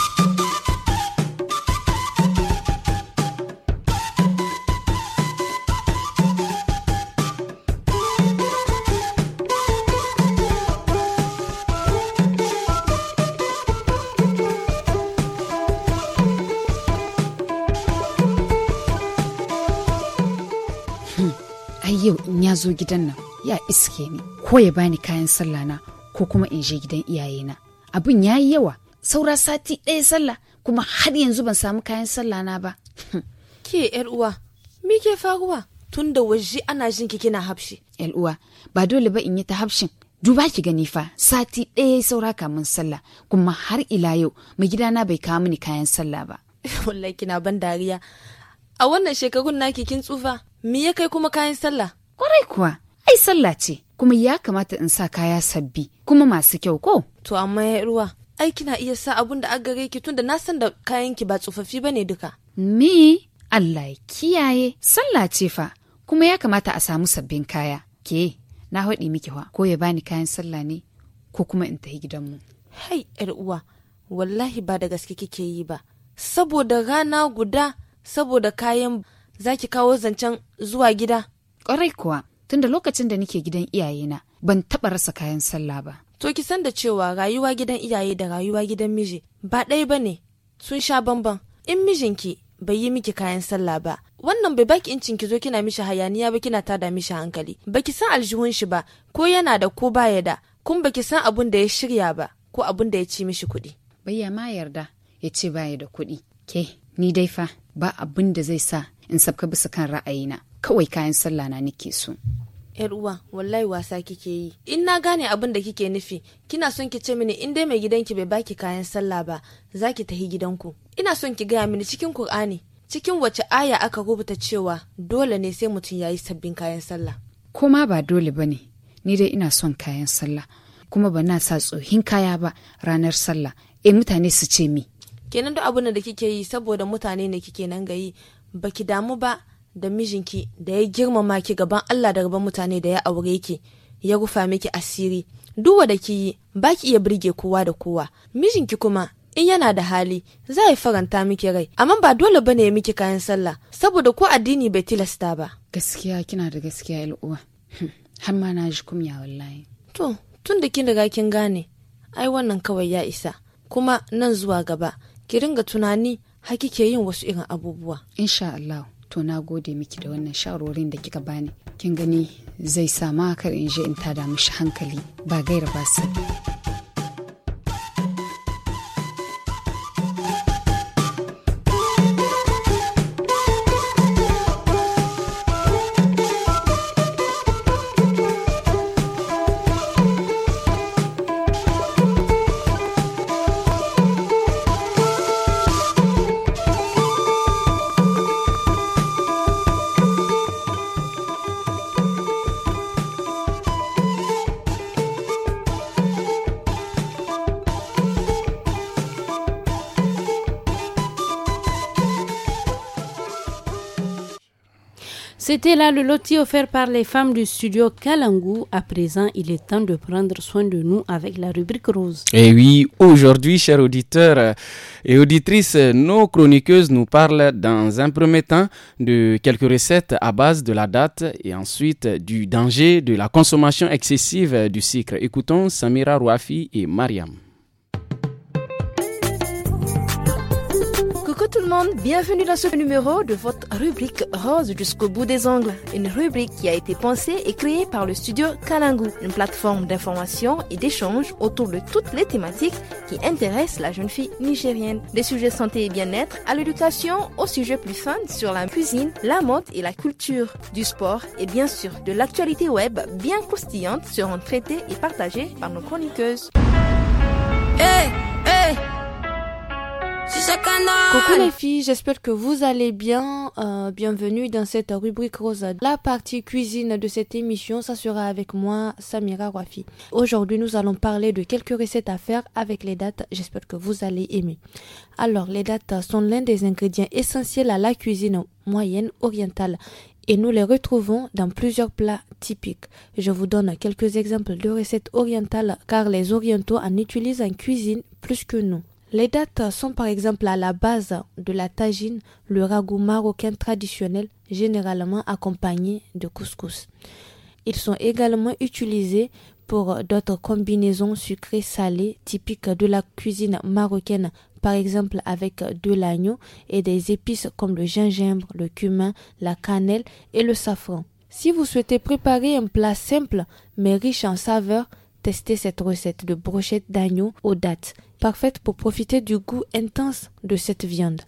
ya zo gidan nan ya iske ni ko ya bani kayan sallah na ko kuma in je gidan iyayena abin ya yi yawa saura sati ɗaya sallah kuma har yanzu ban samu kayan sallah na ba [laughs] ke yar uwa me ke faruwa tun da waje ana jin ki kina hafshi yar uwa ba dole ba in yi ta hafshin duba ki gani fa sati ɗaya saura kamun sallah kuma har ila yau mai gidana bai kawo mini kayan sallah ba [laughs] wallahi kina ban dariya a wannan shekarun naki kin tsufa me ya kai kuma kayan sallah Kwarai kuwa, ai sallah ce, kuma ya kamata in sa kaya sabbi, kuma masu kyau ko? To amma ya ruwa, ai kina iya sa abun da aka gare ki tun da na san da kayan ki ba tsofaffi bane duka. Ni Allah ya kiyaye, sallah ce fa, kuma ya kamata a samu sabbin kaya. Ke, na haɗi miki wa, ko ya bani kayan sallah ne, ko kuma in tafi gidanmu. Hai, ‘yar uwa, wallahi ba da gaske kike yi ba, saboda rana guda, saboda kayan zaki kawo zancen zuwa gida Kwarai kuwa, tunda lokacin da nake gidan iyayena ban taɓa rasa kayan sallah ba. To ki san da cewa rayuwa gidan iyaye da rayuwa gidan miji ba ɗaya ba ne, sun sha bamban. In mijinki bai yi miki kayan sallah ba, wannan bai baki incin ki zo kina mishi hayaniya ba kina tada mishi hankali. Baki san aljihun shi ba, ko yana da ko baya da, kun baki san abun da ya shirya ba, ko abun da ya ci mishi kuɗi. Bayya ma yarda ya ce baya da kuɗi. Ke, ni dai fa ba abun da zai sa in sabka bisa kan ra'ayina. kawai kayan sallah na nike so yar uwa wallahi wasa kike yi in na gane abin da kike nufi kina son ki ce mini in dai mai gidanki bai baki kayan sallah ba zaki tahi gidanku ina son ki gaya mini cikin Kur'ani, cikin wace aya aka rubuta cewa dole ne sai mutum ya yi sabbin kayan sallah Koma ma ba dole bane ni dai ina son kayan sallah kuma ba na sa tsohin kaya ba ranar sallah eh mutane su ce mi kenan duk abin da kike yi saboda mutane ne kike nan gayi baki damu ba da mijinki da ya girmama ki gaban Allah da gaban mutane da ya aure ki ya rufa miki asiri duk da ki yi ba ki iya birge kowa da kowa mijinki kuma in yana da hali za ya faranta miki rai amma ba dole bane ya miki kayan sallah saboda ko addini bai tilasta ba gaskiya kina da gaskiya al'uwa hmm, har ma na ji kumya wallahi to tun da kin riga kin gane ai wannan kawai ya isa kuma nan zuwa gaba ki ringa tunani hakike yin wasu irin abubuwa insha Allah to na gode miki da wannan shawarorin da kika bani kin gani zai sama kar in je in tada mishi hankali ba gaira ba sai C'était là le loti offert par les femmes du studio Kalangu. À présent, il est temps de prendre soin de nous avec la rubrique rose. Et eh oui, aujourd'hui, chers auditeurs et auditrices, nos chroniqueuses nous parlent dans un premier temps de quelques recettes à base de la date et ensuite du danger de la consommation excessive du sucre. Écoutons Samira Rouafi et Mariam. tout le monde, bienvenue dans ce numéro de votre rubrique Rose jusqu'au bout des ongles, une rubrique qui a été pensée et créée par le studio Kalangu, une plateforme d'information et d'échange autour de toutes les thématiques qui intéressent la jeune fille nigérienne, des sujets santé et bien-être à l'éducation, aux sujets plus fun sur la cuisine, la mode et la culture, du sport et bien sûr de l'actualité web bien croustillante seront traités et partagées par nos chroniqueuses. Eh, eh, Coucou les filles, j'espère que vous allez bien. Euh, bienvenue dans cette rubrique rose. La partie cuisine de cette émission, ça sera avec moi, Samira Wafi. Aujourd'hui, nous allons parler de quelques recettes à faire avec les dates. J'espère que vous allez aimer. Alors, les dates sont l'un des ingrédients essentiels à la cuisine moyenne orientale et nous les retrouvons dans plusieurs plats typiques. Je vous donne quelques exemples de recettes orientales car les orientaux en utilisent en cuisine plus que nous. Les dates sont par exemple à la base de la tagine, le ragoût marocain traditionnel, généralement accompagné de couscous. Ils sont également utilisés pour d'autres combinaisons sucrées-salées typiques de la cuisine marocaine, par exemple avec de l'agneau et des épices comme le gingembre, le cumin, la cannelle et le safran. Si vous souhaitez préparer un plat simple mais riche en saveurs, testez cette recette de brochette d'agneau aux dattes parfaite pour profiter du goût intense de cette viande.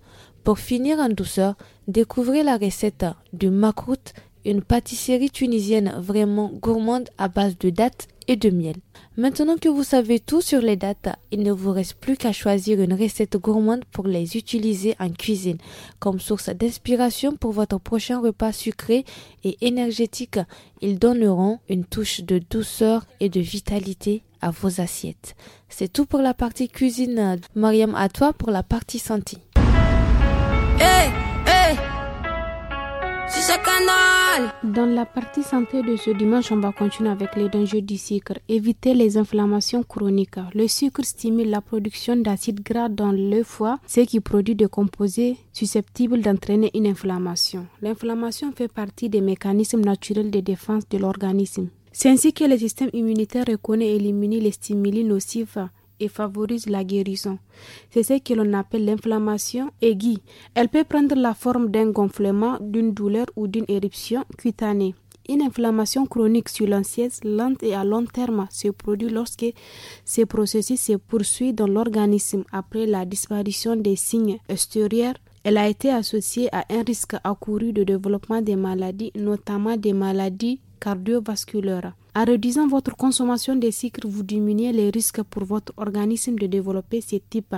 Pour finir en douceur, découvrez la recette du makrout, une pâtisserie tunisienne vraiment gourmande à base de dattes et de miel. Maintenant que vous savez tout sur les dates, il ne vous reste plus qu'à choisir une recette gourmande pour les utiliser en cuisine comme source d'inspiration pour votre prochain repas sucré et énergétique. Ils donneront une touche de douceur et de vitalité à vos assiettes. C'est tout pour la partie cuisine. Mariam, à toi pour la partie santé. Eh, eh, dans la partie santé de ce dimanche, on va continuer avec les dangers du sucre. Éviter les inflammations chroniques. Le sucre stimule la production d'acides gras dans le foie, ce qui produit des composés susceptibles d'entraîner une inflammation. L'inflammation fait partie des mécanismes naturels de défense de l'organisme. C'est ainsi que le système immunitaire reconnaît et élimine les stimuli nocifs et favorise la guérison. C'est ce que l'on appelle l'inflammation aiguë. Elle peut prendre la forme d'un gonflement, d'une douleur ou d'une éruption cutanée. Une inflammation chronique silencieuse, lente et à long terme se produit lorsque ce processus se poursuit dans l'organisme après la disparition des signes extérieurs. Elle a été associée à un risque accouru de développement des maladies, notamment des maladies cardiovasculaire. En réduisant votre consommation de sucre, vous diminuez les risques pour votre organisme de développer ce type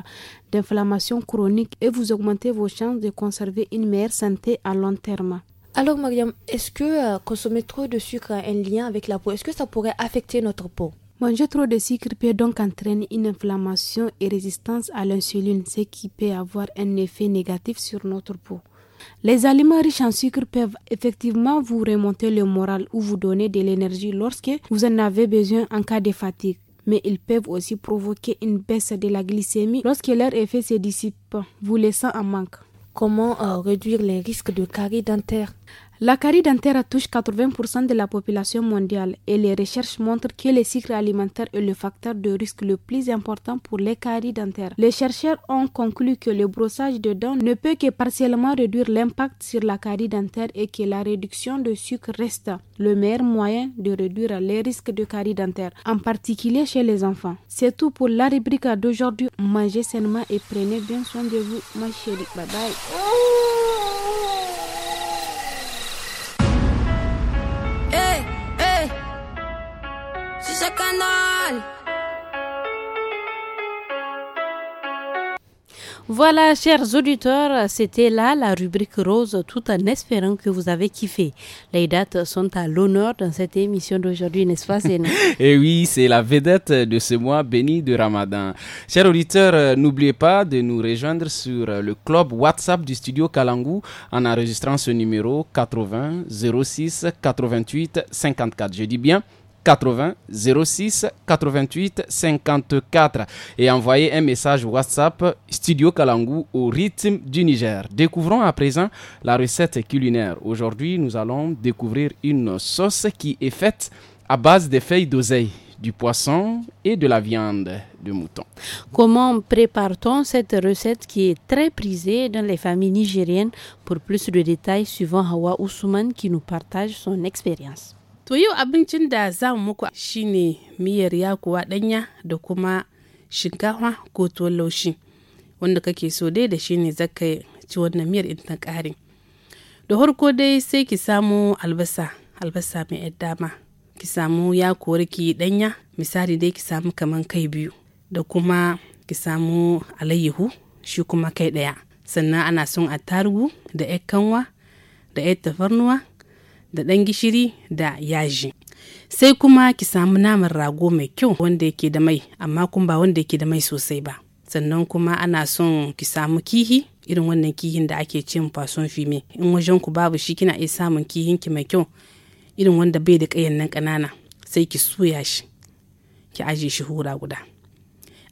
d'inflammation chronique et vous augmentez vos chances de conserver une meilleure santé à long terme. Alors Mariam, est-ce que euh, consommer trop de sucre a un lien avec la peau Est-ce que ça pourrait affecter notre peau Manger trop de sucre peut donc entraîner une inflammation et résistance à l'insuline, ce qui peut avoir un effet négatif sur notre peau. Les aliments riches en sucre peuvent effectivement vous remonter le moral ou vous donner de l'énergie lorsque vous en avez besoin en cas de fatigue mais ils peuvent aussi provoquer une baisse de la glycémie lorsque leur effet se dissipe, vous laissant en manque. Comment euh, réduire les risques de caries dentaires la carie dentaire touche 80% de la population mondiale et les recherches montrent que le cycle alimentaire est le facteur de risque le plus important pour les caries dentaires. Les chercheurs ont conclu que le brossage de dents ne peut que partiellement réduire l'impact sur la carie dentaire et que la réduction de sucre reste le meilleur moyen de réduire les risques de carie dentaire, en particulier chez les enfants. C'est tout pour la rubrique d'aujourd'hui. Mangez sainement et prenez bien soin de vous, ma chérie. Bye bye. Voilà, chers auditeurs, c'était là la rubrique rose, tout en espérant que vous avez kiffé. Les dates sont à l'honneur dans cette émission d'aujourd'hui, n'est-ce pas, [laughs] Et eh oui, c'est la vedette de ce mois béni de Ramadan. Chers auditeurs, euh, n'oubliez pas de nous rejoindre sur euh, le club WhatsApp du studio Kalangu en enregistrant ce numéro 80 06 88 54. Je dis bien 80 06 88 54 et envoyez un message WhatsApp Studio Kalangu au rythme du Niger. Découvrons à présent la recette culinaire. Aujourd'hui, nous allons découvrir une sauce qui est faite à base des feuilles d'oseille du poisson et de la viande de mouton. Comment prépare-t-on cette recette qui est très prisée dans les familles nigériennes Pour plus de détails, suivons Hawa Ousmane qui nous partage son expérience. To yau abincin da za mu muku shine miyar yakuwa ɗanya da kuma shinkafa ko tuwon laushi wanda kake so dai da shine zaka ci wannan miyar in ta ƙare. Da harko dai sai ki samu albasa, albasa mai yar dama. Ki samu yakuwar ki ɗanya, misali dai ki samu kaman kai biyu da kuma ki samu alayyahu shi kuma kai ɗaya. Sannan ana son attarugu da 'yar kanwa da 'yar tafarnuwa da ɗan gishiri da yaji sai kuma ki samu naman rago mai kyau wanda yake da mai amma kun ba wanda yake da mai sosai ba sannan kuma ana son ki samu kihi irin wannan kihin da ake cin fason fime in wajen ku babu shi kina iya samun kihin ki mai kyau irin wanda bai da kayan nan kanana. sai ki soya shi ki aje shi hura guda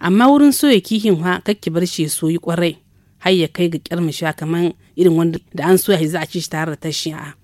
amma wurin soya kihin ha kar ki bar shi ya soyi kwarai har ya kai ga kyarmishi kamar irin wanda da an soya shi za a ci shi tare da tashi a'a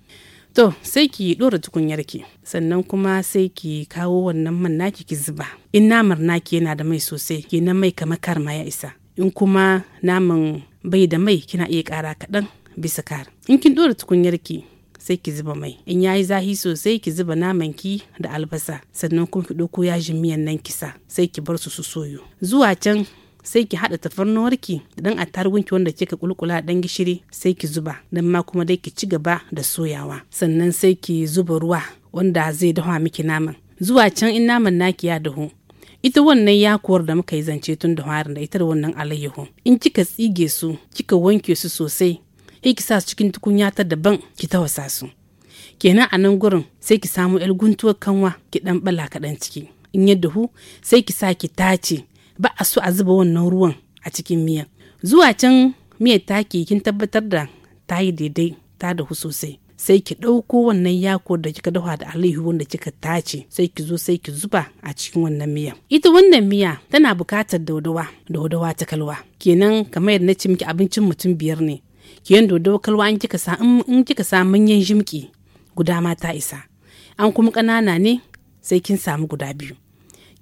to sai ki dora tukunyarki sannan kuma sai ki kawo wannan man naki ki zuba in namar naki yana da mai sosai na mai kamar kar ma ya isa in kuma naman bai da mai kina iya kara kaɗan bisa kar in kin dora tukunyar ki sai ki zuba mai in yayi zahi sosai ki zuba naman ki da albasa sannan kuma ki ɗauko yajin miyan nan kisa sai ki bar su su soyu zuwa can sai ki haɗa tafarnuwarki da ɗan ki wanda kika kulkula ɗan gishiri sai ki zuba dan ma kuma dai ki ci gaba da soyawa sannan sai ki zuba ruwa wanda zai dafa miki naman zuwa can in naman naki ya dahu ita wannan yakuwar da muka yi zance tun da harin da ita da wannan alayyahu in kika tsige su kika wanke su sosai sai ki sa su cikin tukunya ta daban ki tawasa su kenan a nan gurin sai ki samu yar guntuwar kanwa ki dan bala kaɗan ciki in ya dahu sai ki sa ki tace ba a so a zuba wannan ruwan a cikin miyan zuwa can miyar taki kin tabbatar da ta yi daidai ta dahu sosai sai ki ɗauko wannan yako da kika dafa da alaihu wanda kika tace sai ki zo sai ki zuba a cikin wannan miya ita wannan miya tana buƙatar da dodowa ta kalwa kenan kamar yadda na ci miki abincin mutum biyar ne kiyan dodowa kalwa in kika sa in kika sa manyan jimki guda ma ta isa an kuma ƙanana ne sai kin samu guda biyu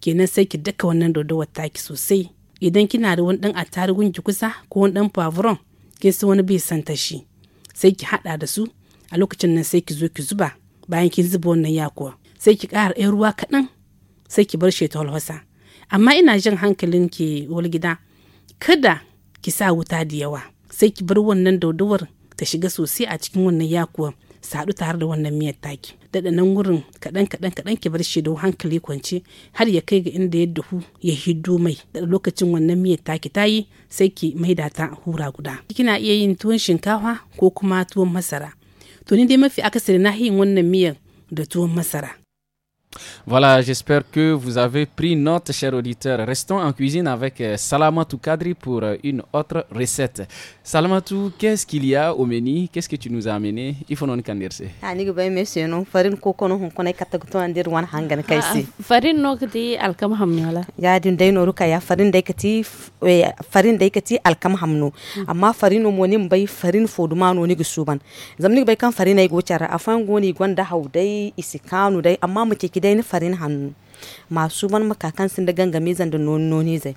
kenan sai ki daka wannan dodowar taki sosai idan kina da wani dan attarugun ki kusa ko wani dan pavron kin san wani bai santa shi sai ki hada da su a lokacin nan sai ki zo ki zuba bayan kin zuba wannan yakuwa sai ki kara ɗan ruwa kaɗan sai ki bar shi ta holhosa amma ina jin hankalin ki wani gida kada ki sa wuta da yawa sai ki bar wannan daudawar ta shiga sosai a cikin wannan yakuwar saɗu tare da wannan miyar taki daɗa nan wurin kaɗan kaɗan kaɗan ki bar shi da hankali kwance har ya kai ga inda ya dahu ya hiddo mai daɗa lokacin wannan miyar taki ta yi sai ki maida ta hura guda kina iya yin tuwon shinkafa ko kuma tuwon masara to ni dai mafi akasari na yin wannan miyar da tuwon masara Voilà, j'espère que vous avez pris note, chers auditeurs. Restons en cuisine avec euh, Salamatou Kadri pour euh, une autre recette. Salamatou, qu'est-ce qu'il y a au menu Qu'est-ce que tu nous as amené Il faut nous candirse. Ani go farin ko kono hon kone kataguto andir wan hangan kaisi. Farin no kati alkam hamnola. Ya din dai no ruka ya farin dai kati farin dai kati alkam hamno. Hmm. Amma farin no monin bai farin foduma no ni gusuban. Zamni bai kan farin ai gocara afan goni gwanda haudai isikanu dai amma muke kidai den farin hannu masu ban makakan sun da gangame zan da noni zai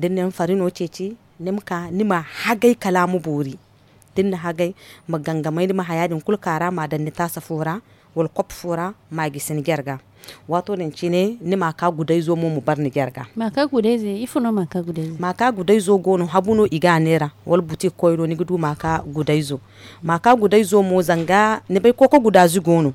din nan farin wace ci nimka nima hagai kalamu bori din na hagai magangamai nima hayadin kulkara ma da ni tasa fura walkwap fura magisin gerga wato din ci ne ni ka gudai zo mu mu bar ni gerga ka gudai ze ifu no ka gudai ma ka gudai zo gono habuno iga nera wal buti koiro ni gudu ka gudai zo ka gudai zo mu zanga ne bai koko guda zu gono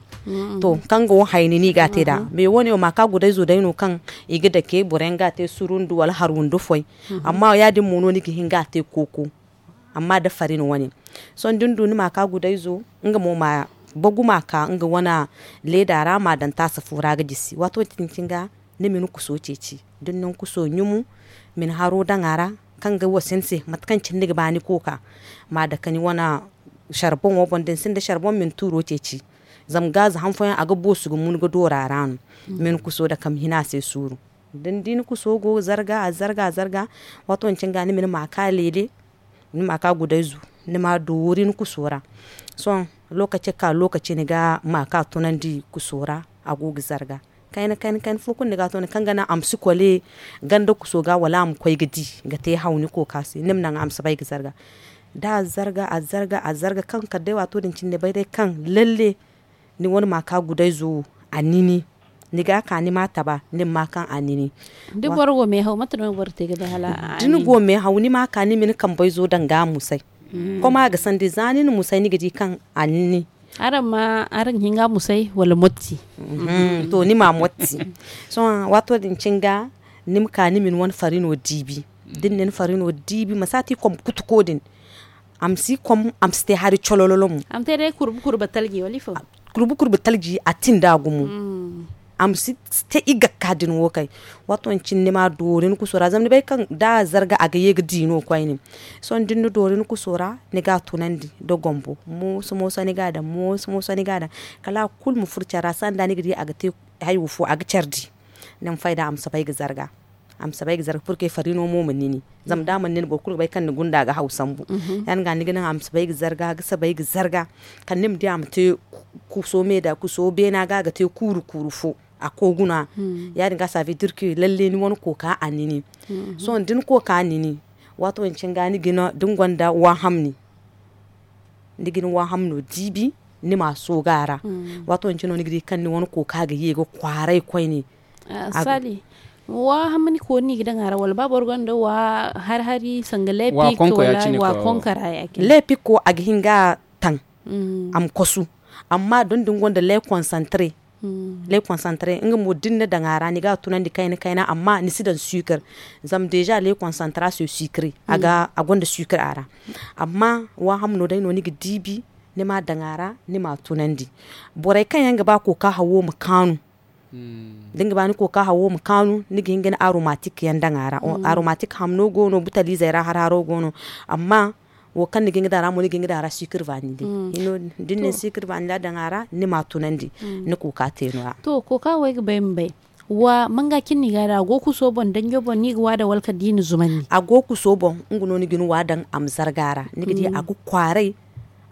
to kan go haini ni gate da me woni ka gudai zo dai no kan iga da ke burenga te surundu wal harundu foi amma ya din mu no ni hinga te koko amma da farin wani son ma ka gudai zo nga mu ma bo ka nga wana leda rama dan tasa fura ga jisi wato tinkinga ne minu kuso ceci dun nan kuso nyumu min haro dangara kan ga wasense matkan cin daga bani koka ma da kani wana sharbon wabon din sin da sharbon min turo ceci zam gaza hanfoyan aga bosu ga mun ga dora ran min kuso da kam hina sai suru dan din kuso go zarga a zarga a zarga wato cin ni min ka lele ni gudai zu ni ma dorin kusora son lokaci ka lokaci ne ga ma ka tunan di a agogi zarga na kan kaina fukun ne ga tunan kan gana amsi kole, ganda kuso ga wala am koi gidi ga te hauni ko kasi nim nan amsi bai gi zarga da zarga a zarga a zarga kan ka dai wato din cin ne bai dai kan lalle ni wani ma ka gudai zo a nini ni ga ka ni mata ba ni ma kan a nini duk me mai hau mata don warta ga da hala dinu go me hau ni ma ka ni min kan bai zo dan ga musai Mm. kuma ga sandi ni musai ni gidi kan anni aran ma aran hinga musai wala motti mm-hmm. to ni ma motti [laughs] so wato din cinga nim ka ni min farin farino dibi din nin farino dibi masati kom kutuko din amsi kom amste hari cholololom amte re kurbu kurba talgi wali fo kurbu kurba talgi atin da gumu mm. am te iga kadin wokai kai wato cin ne ma dorin kusura zamni bai kan da zarga aga yega dino kwai ne son din dorin kusura ne ga tunandi da gombo mu su mu sani ga da mu su mu sani ga da kala kul mu furta rasan da ni gidi aga te hayu fu aga cardi nan faida am sabai ga zarga am sabai ga zarga furke farino mu mun ni zam da mun ne bo bai kan gunda ga hausan bu mhm. yan ga ni gina am sabai ga zarga ga sabai ga zarga kan nim da am te kuso me da kuso be na ga ga te kuru kuru fu a koguna hmm. ya dinga safi turki lalle ni wani koka a nini hmm. so din koka nini wato in cin gani gina din gwanda wa hamni ni gina wa hamno dibi ni masu gara hmm. wato in cin wani gidi kan ni wani koka ga yego kwarai kwai ne ah, sali wa hamni ko ni gidan ara wal babar gwanda wa har hari sangale lepi wa konkara ya ke ko a ga tan am kosu amma don dingon da le concentrate Mm. le concentré nga mo dinna da ngara ni ga tunan di kaina amma ni sidan sucre zam deja le concentré se sucre aga mm. agonda sucre ara amma wa hamno dai no ni dibi ne ma dangara ni ma tunandi borai kan yanga ba ko ka hawo mu kanu mm. dinga bani ko ka hawo mu kanu ni gingin aromatic yan dangara aromatic hamno gono butali zaira har haro gono amma wo ni gin da muni gin da sikir vandi mm. ino din sikir vandi da ngara ni matunandi mm. ni ku ka tenwa to ko ka wai bembe wa manga ni gara so bon dan yobon ni gwa da walka dini zumani a ku so nguno ni gin wadan amsar gara ni gidi mm. a ku kware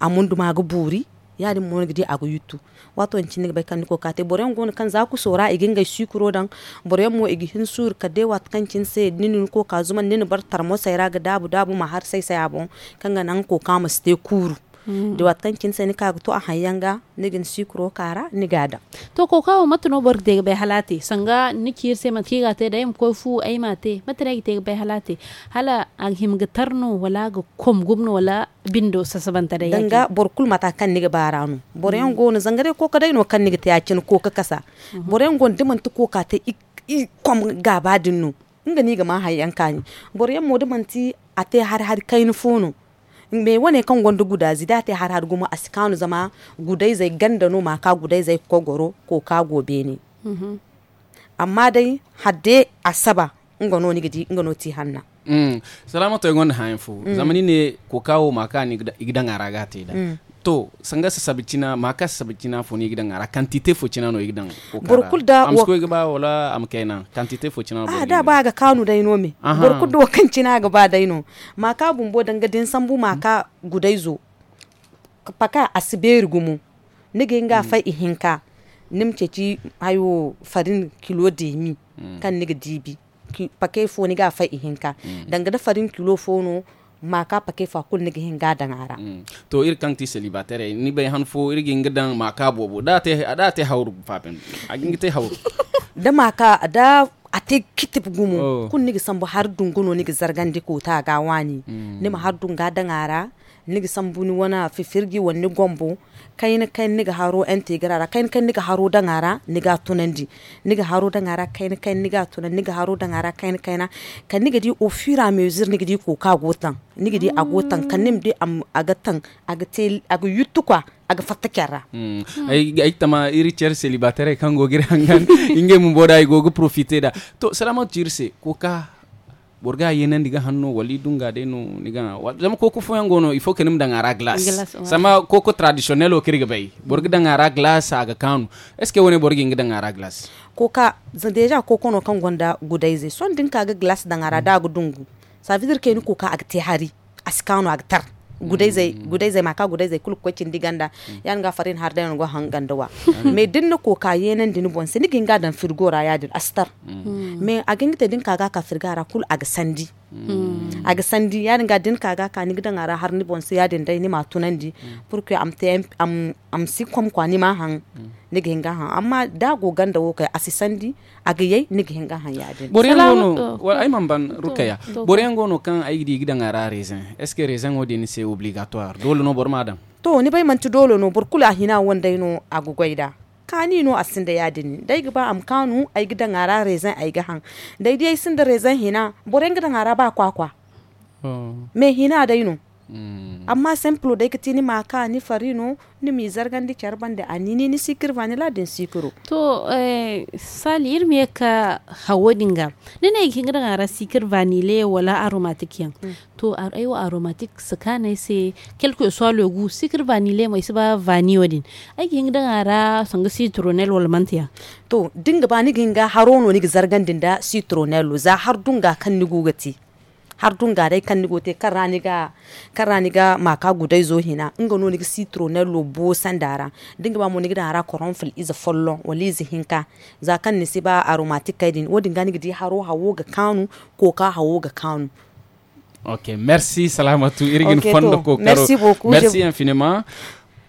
a ma gu buri yadi mo gidi agu yutu wato en cinig bay kan ko kate boren gon kan za ku sora igin ga sikuro dan boren mo igi hin sur ka de wat kan cin se ninu ko ka zuman ninu bar tarmo ra ga dabu dabu ma har sai sai abon kan ga nan ko kama ste kuru Mm. da watan kin sani ka to a hayanga nigin sikro kara ni gada to ko kawo matuno borg de be halate sanga nikir se mat kiga te dai ko fu ai mate matra te be halate hala an him gatarno wala go kom gumno wala bindo sasabanta da yake danga kul mata kan niga baranu yan mm. go no zangare ko kadai no kan niga ta yakin ko ka kasa yan mm-hmm. go diman ko ka ta i kom gaba dinnu inga ni ga ma hayanka ni yan mo diman ti ate har har kainu funu me wane kan gondo guda zida te har har gumo asikanu zama gudai zai ganda no maka gudai zai kogoro ko ka gobe ne mhm. amma dai hadde asaba ngono ni gidi ngono ti hanna mm. salama to ngon hanfu zamanin mm. zamani ne ko kawo maka ni a aragate da mm. to sanga sa sabitina maka sa sabitina foni gidan ara quantité fo cina no gidan o burkul da am sko ba wala am kaina quantité fo cina ah da ba ga kanu dai no me burkul do kan cina ga ba dai no maka bumbo danga din sambu maka gudai zo paka asiberi gumu nige nga mm. fa ihinka nimce ci ayo farin kilo mi mm. kan niga dibi pake fo ga fa ihinka mm. danga da farin kilo fo no maka pake fa kul nigi hin gadan ara mm. to ir kan ti celibataire ni be han fo ir gi ngadan maka bo da te da te hawru a agin te hawru [laughs] da maka da a te kitip gumu oh. kun nigi sambu har dunguno nigi zargan di ko ta ga wani mm. ma har dunga dangara nigi sambu ni wana fifirgi wani gombo kain kain niga haro ente garara kain kain niga haro dangara niga tunandi niga haro dangara kain kain niga tunan niga haro dangara kai na kan niga di o fura et à mesure niga di ko ka gotan niga di a gotan kan nim di am agatan agate agu yutu kwa aga fatta kyarra ay hmm. ay tama iri cher celibataire kan go gira hangan [laughs] inge mun boda ay go go profiter da to salamat jirse ko ka borga yenen diga hanno wali dunga de no niga zama koko yango no il faut que nim danga ra glace sama koko traditionnel o kirga bay borga danga ra glace aga kanu est ce que woni borga ngi danga ra glace koka deja koko no kan gonda gudaize son din kaga glace danga ra mm. da gudungu ça veut dire que ni koka agte hari askanu agtar gudaize mm. gudaize maka gudaize kul ko cindi ganda mm. yan ga farin har da go han ganda wa me din ko ka yenen din bon sinigin ga dan firgora ya dir astar mm. me agin te din kaga ka firgara kul aga sandi Hmm. a ga sandi ya dinga din kaga ka ni gidan ara har ni bon ya din dai ni ma tunan di pour que am te am am si kom kwa ni ma han hmm. ni ga hinga han amma da go ganda wo kai asi sandi a ga yai ni ga hinga han ya din bore ngono wal ai man ban rukaya bore ngono kan ai di gidan ara raisin est ce que raisin wo din c'est obligatoire dole no bor madam to ni bai man ti dole no bor kula hina wanda no agugoida kani no asin da yadin dai gaba am kanu ai gidan ara rezan ai gahan dai dai sin da rezan hina boren gidan ara ba kwakwa oh. me hina dai no Mm. amma simplu da tini ma ka ni farinu ni mi zargan di kyarban da anini ni sikir vanila din sikiru to eh, sali mi ka hawodinga dinga ni ne kin gidan ra sikir vanile wala aromatic yan mm. to aiwa aromatic ne se kelko so gu sikir vanile mai siba vaniodin ai kin gidan ra sanga citronel wal mantia to dinga bani ni ginga harono ni zargan din da citronel za har dunga kan ni gugati har dun ni gote karaniga karaniga maka gudai zo hina ni sitro na sandara dinga ba is ara is a follo wali zihinka za nisiba aromatic kaidin wodin gidi haro hawo ga kanu ko ka hawo ga kanu Ok, merci salamatu Irigin okay, Fondo Merci beaucoup. Merci infiniment.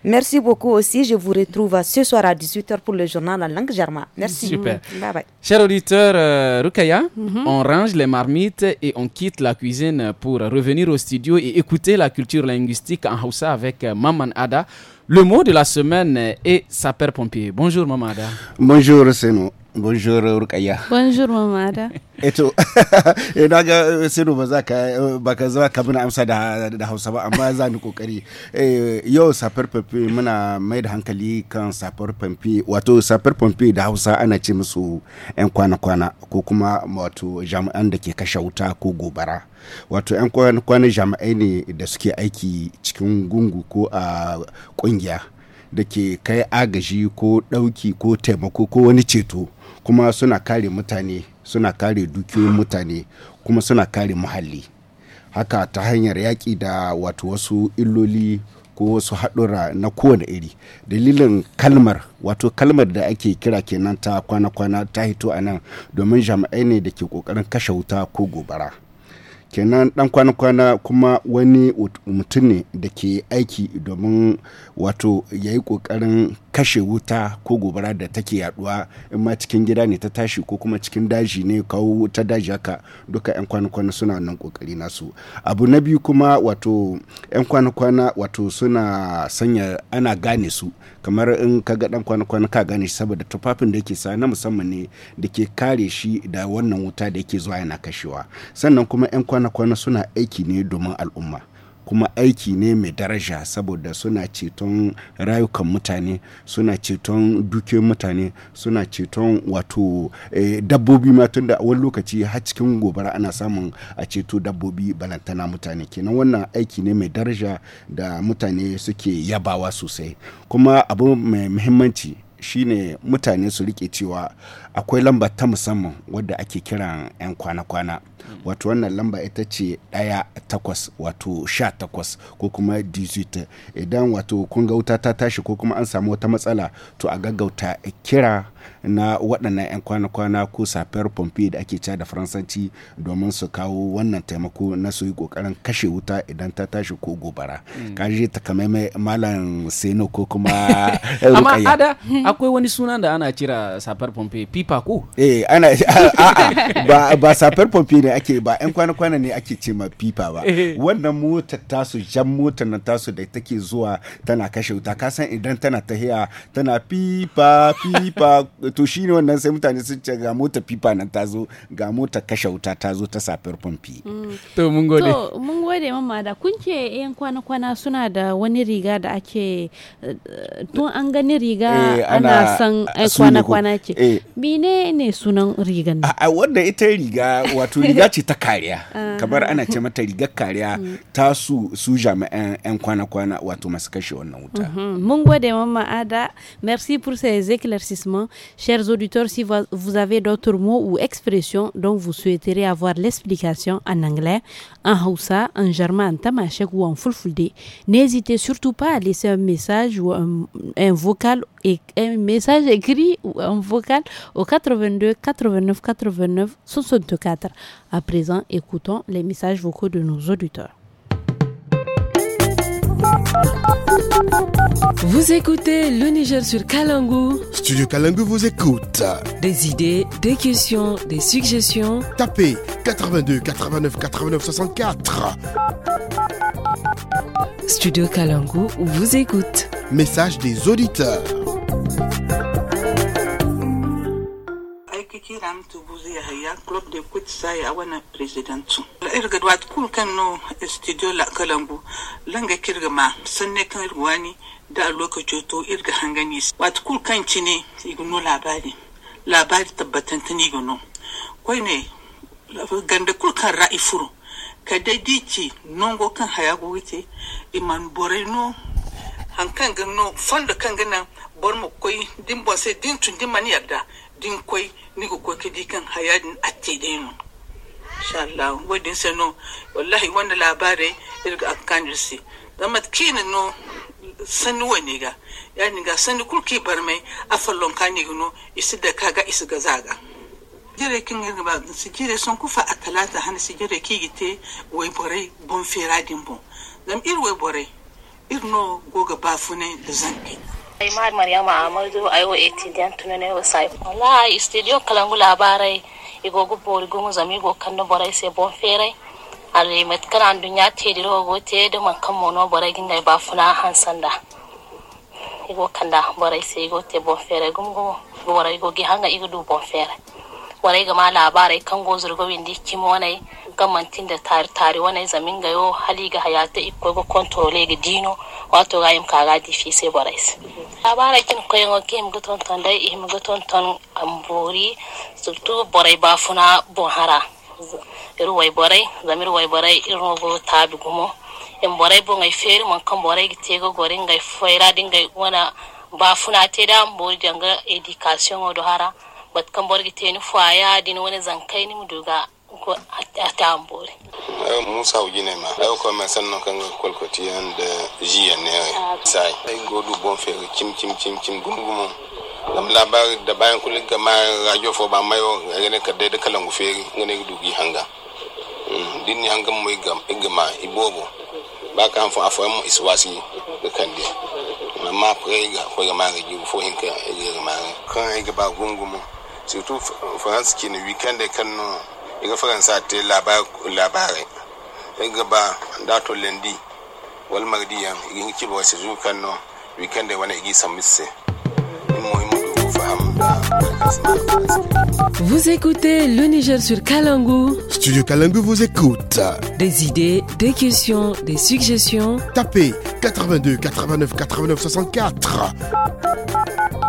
Merci beaucoup aussi. Je vous retrouve ce soir à 18h pour le journal en langue germane Merci. Super. Bye bye. Cher auditeur, euh, Rukaya, mhm. on range les marmites et on quitte la cuisine pour revenir au studio et écouter la culture linguistique en Hausa avec euh, Maman Ada. Le mot de la semaine est sapeur-pompier. Bonjour, Maman Ada. Bonjour, c'est nous. Bonjour rukaya Bonjour Mamada. Eto, [laughs] eh, na ga eh, Sinu ba za ka eh, ba ka zama ka muna amsa da da Hausa ba amma za ni kokari. Yau safar famfi muna mai da hankali kan safar famfi wato safar da Hausa ana ce musu yan kwana-kwana ko kuma wato jami'an da ke kashe wuta ko gobara. Wato yan kwana-kwana jami'ai ne da suke aiki cikin gungu ko a kungiya da ke kai agaji ko ɗauki ko taimako ko wani ceto. kuma suna kare mutane suna kare dukiyoyin mutane kuma suna kare muhalli haka ta hanyar yaƙi da wato wasu illoli ko wasu haɗura na kowane iri dalilin kalmar wato kalmar da ake kira kenan ta kwana-kwana ta hito a nan domin jami'ai ne da ke ƙoƙarin kashe wuta ko gobara kenan ɗan kwana-kwana kuma wani mutum ne da ke aiki domin wato ya yi ƙoƙarin kashe wuta ko gobara da take yaduwa in ma cikin gida ne ta tashi ko kuma cikin daji ne kawo wuta daji haka duka 'yan kwana suna nan kokari nasu abu na biyu kuma wato 'yan kwana wato suna sanya ana gane su kamar in ka ga dan kwana ka gane shi saboda tufafin da yake sa na musamman ne da ke kare shi da wannan wuta da yake zuwa yana kashewa sannan kuma 'yan kwana suna aiki ne domin al'umma kuma aiki ne mai daraja saboda suna ceton rayukan mutane suna ceton dukiyoyin mutane suna ceton wato eh, dabbobi ma tunda wani lokaci har cikin gobara ana samun a ceto dabbobi balantana mutane kenan wannan aiki ne mai daraja da mutane suke yabawa sosai kuma abu mai muhimmanci shine mutane su rike cewa akwai lamba ta musamman wadda ake kira 'yan kwana-kwana wato wannan lamba ita ce ɗaya takwas wato sha takwas ko kuma 18 idan wato kun ga wuta ta tashi ko kuma an samu wata matsala to a gaggauta kira na waɗannan 'yan kwana-kwana ko safiyar pompe da ake ca da faransanci domin su kawo wannan taimako na su yi ƙoƙarin kashe wuta idan ta tashi ko gobara mm. kaji ta kamai malam seno ko kuma [laughs] amma ada akwai wani suna da ana kira safiyar pompe fifa ko eh ana [laughs] [laughs] ba ba safar pompe ne ake ba yan kwana kwana ne ake ce ma pipa ba eh. wannan motar tasu jan motar nan tasu da take zuwa tana kashe wuta ka san idan tana tahiya tana pipa pipa [laughs] to shine wannan sai mutane sun ce ga motar pipa nan ta zo ga motar kashe wuta ta zo ta safar pompe mm. to mun gode to mun gode mamma da kun ce yan kwana kwana suna da wani riga da ake eh, tun an gani riga eh, ana san kwana kwana ce Mhm. ada merci pour ces éclaircissements chers auditeurs si vous avez d'autres mots ou expressions dont vous souhaiterez avoir l'explication en anglais en hausa en german, en tamashek ou en fulfulde n'hésitez surtout pas à laisser un message ou un, un vocal et un message écrit ou un vocal au 82 89 89 64. À présent, écoutons les messages vocaux de nos auditeurs. Vous écoutez le Niger sur Kalangu. Studio Kalangu vous écoute. Des idées, des questions, des suggestions. Tapez 82 89 89 64. Studio Kalangu vous écoute. Message des auditeurs. kiram mtu buzi ya haya club de kwit sai a wana presidentu irga wat kul kan no studio la kalambu langa kirga ma sanne kan ruwani da lokaci to irga hangani wat kul kan cine igno labari labari tabbatantan igno koi ne ganda kul kan ra'i furu ka dai dici nongo kan haya gogite iman boreno hankan gano fonda kan gana bor mo koy din bonse din tun din mani yadda. din kwai ni ko kwai kidi kan hayadin atte da yin insha Allah wadin sano wallahi wanda labarai irga akanjirsi zama kini no sani wani ga ya ni ga sani kulki bar mai afallon ka ni gino isi da kaga isi ga zaga jire kin ga ba su jire sun kufa a talata hana su jire ki gite wai bore bon fera din bon dan ir wai bore ir no goga bafune da zanke ai Imar Maryama Amadu ayo etidian tunane wasai. Wallahi studio kalangu labarai igogo bori gungu zami go kanno borai se bon ferai. Ale met kan dunya te diro go te de man kan mono borai ginga ba funa han hansanda. Igo kanda borai se go te bon ferai gumgo borai go gi hanga igo du bon ferai. wani gama labarai kan go zurgowin di kim wani gamantin da tare wani zamin ga yo hali ga hayata iko ga kontrole ga dino wato ga yin kara di fi sai barais labarai kin koyin o kim go ton ton dai im go ton ambori surtout borai ba funa bon hara iru wai borai zamir wai borai iru ta tabi gumo in borai bo ngai feri man kan borai ga tega gorin ngai fayra dingai wana ba funa te da ambori janga education o hara batkan kan borgi ni faya din wani zankai ni muduga ko ayo eh, musa ne ma ayo ko ma sanno kan ga kolkoti and jiya ne eh, ah, sai ai godu bon fe kim kim kim kim gum gum dam labar da bayan kulin ga ma radio fo ba mayo eh, ne ka dai da kalan gufe ngene dugi hanga mm, din ni hanga mu gam igama ibobo ba kan fo afo mu iswasi da kande amma pre ga ko ga ma ga ji fo hinka ga ma kan ga ba gungumu surtout france il lundi. E kanno iga e faransa te labare iga ba e dato lendi wal magdi yan iga kiba wasu zuwa kanno wikende a igi samise Vous écoutez le Niger sur Kalangu. Studio Kalangu vous écoute. Des idées, des questions, des suggestions. Tapez 82 89 89 64.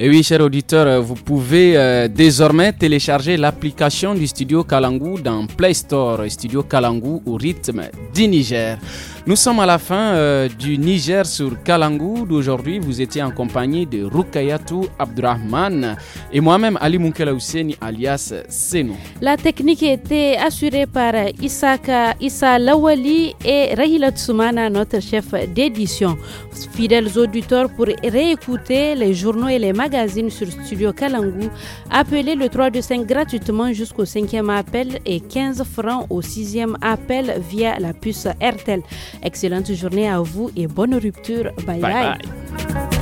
Et oui, chers auditeurs, euh, vous pouvez euh, désormais télécharger l'application du Studio Kalangu dans Play Store Studio Kalangu au rythme du Niger. Nous sommes à la fin euh, du Niger sur Kalangou d'aujourd'hui. Vous étiez en compagnie de Rukayatou Abdrahman et moi-même Ali Moukelaouseni, alias Senou. La technique était assurée par Isaka Issa Lawali et Rahila Tsumana, notre chef d'édition. Fidèles auditeurs, pour réécouter les journaux et les magazines sur Studio Kalangou, appelez le 325 gratuitement jusqu'au 5e appel et 15 francs au 6e appel via la puce RTL. Excellente journée à vous et bonne rupture. bye. bye.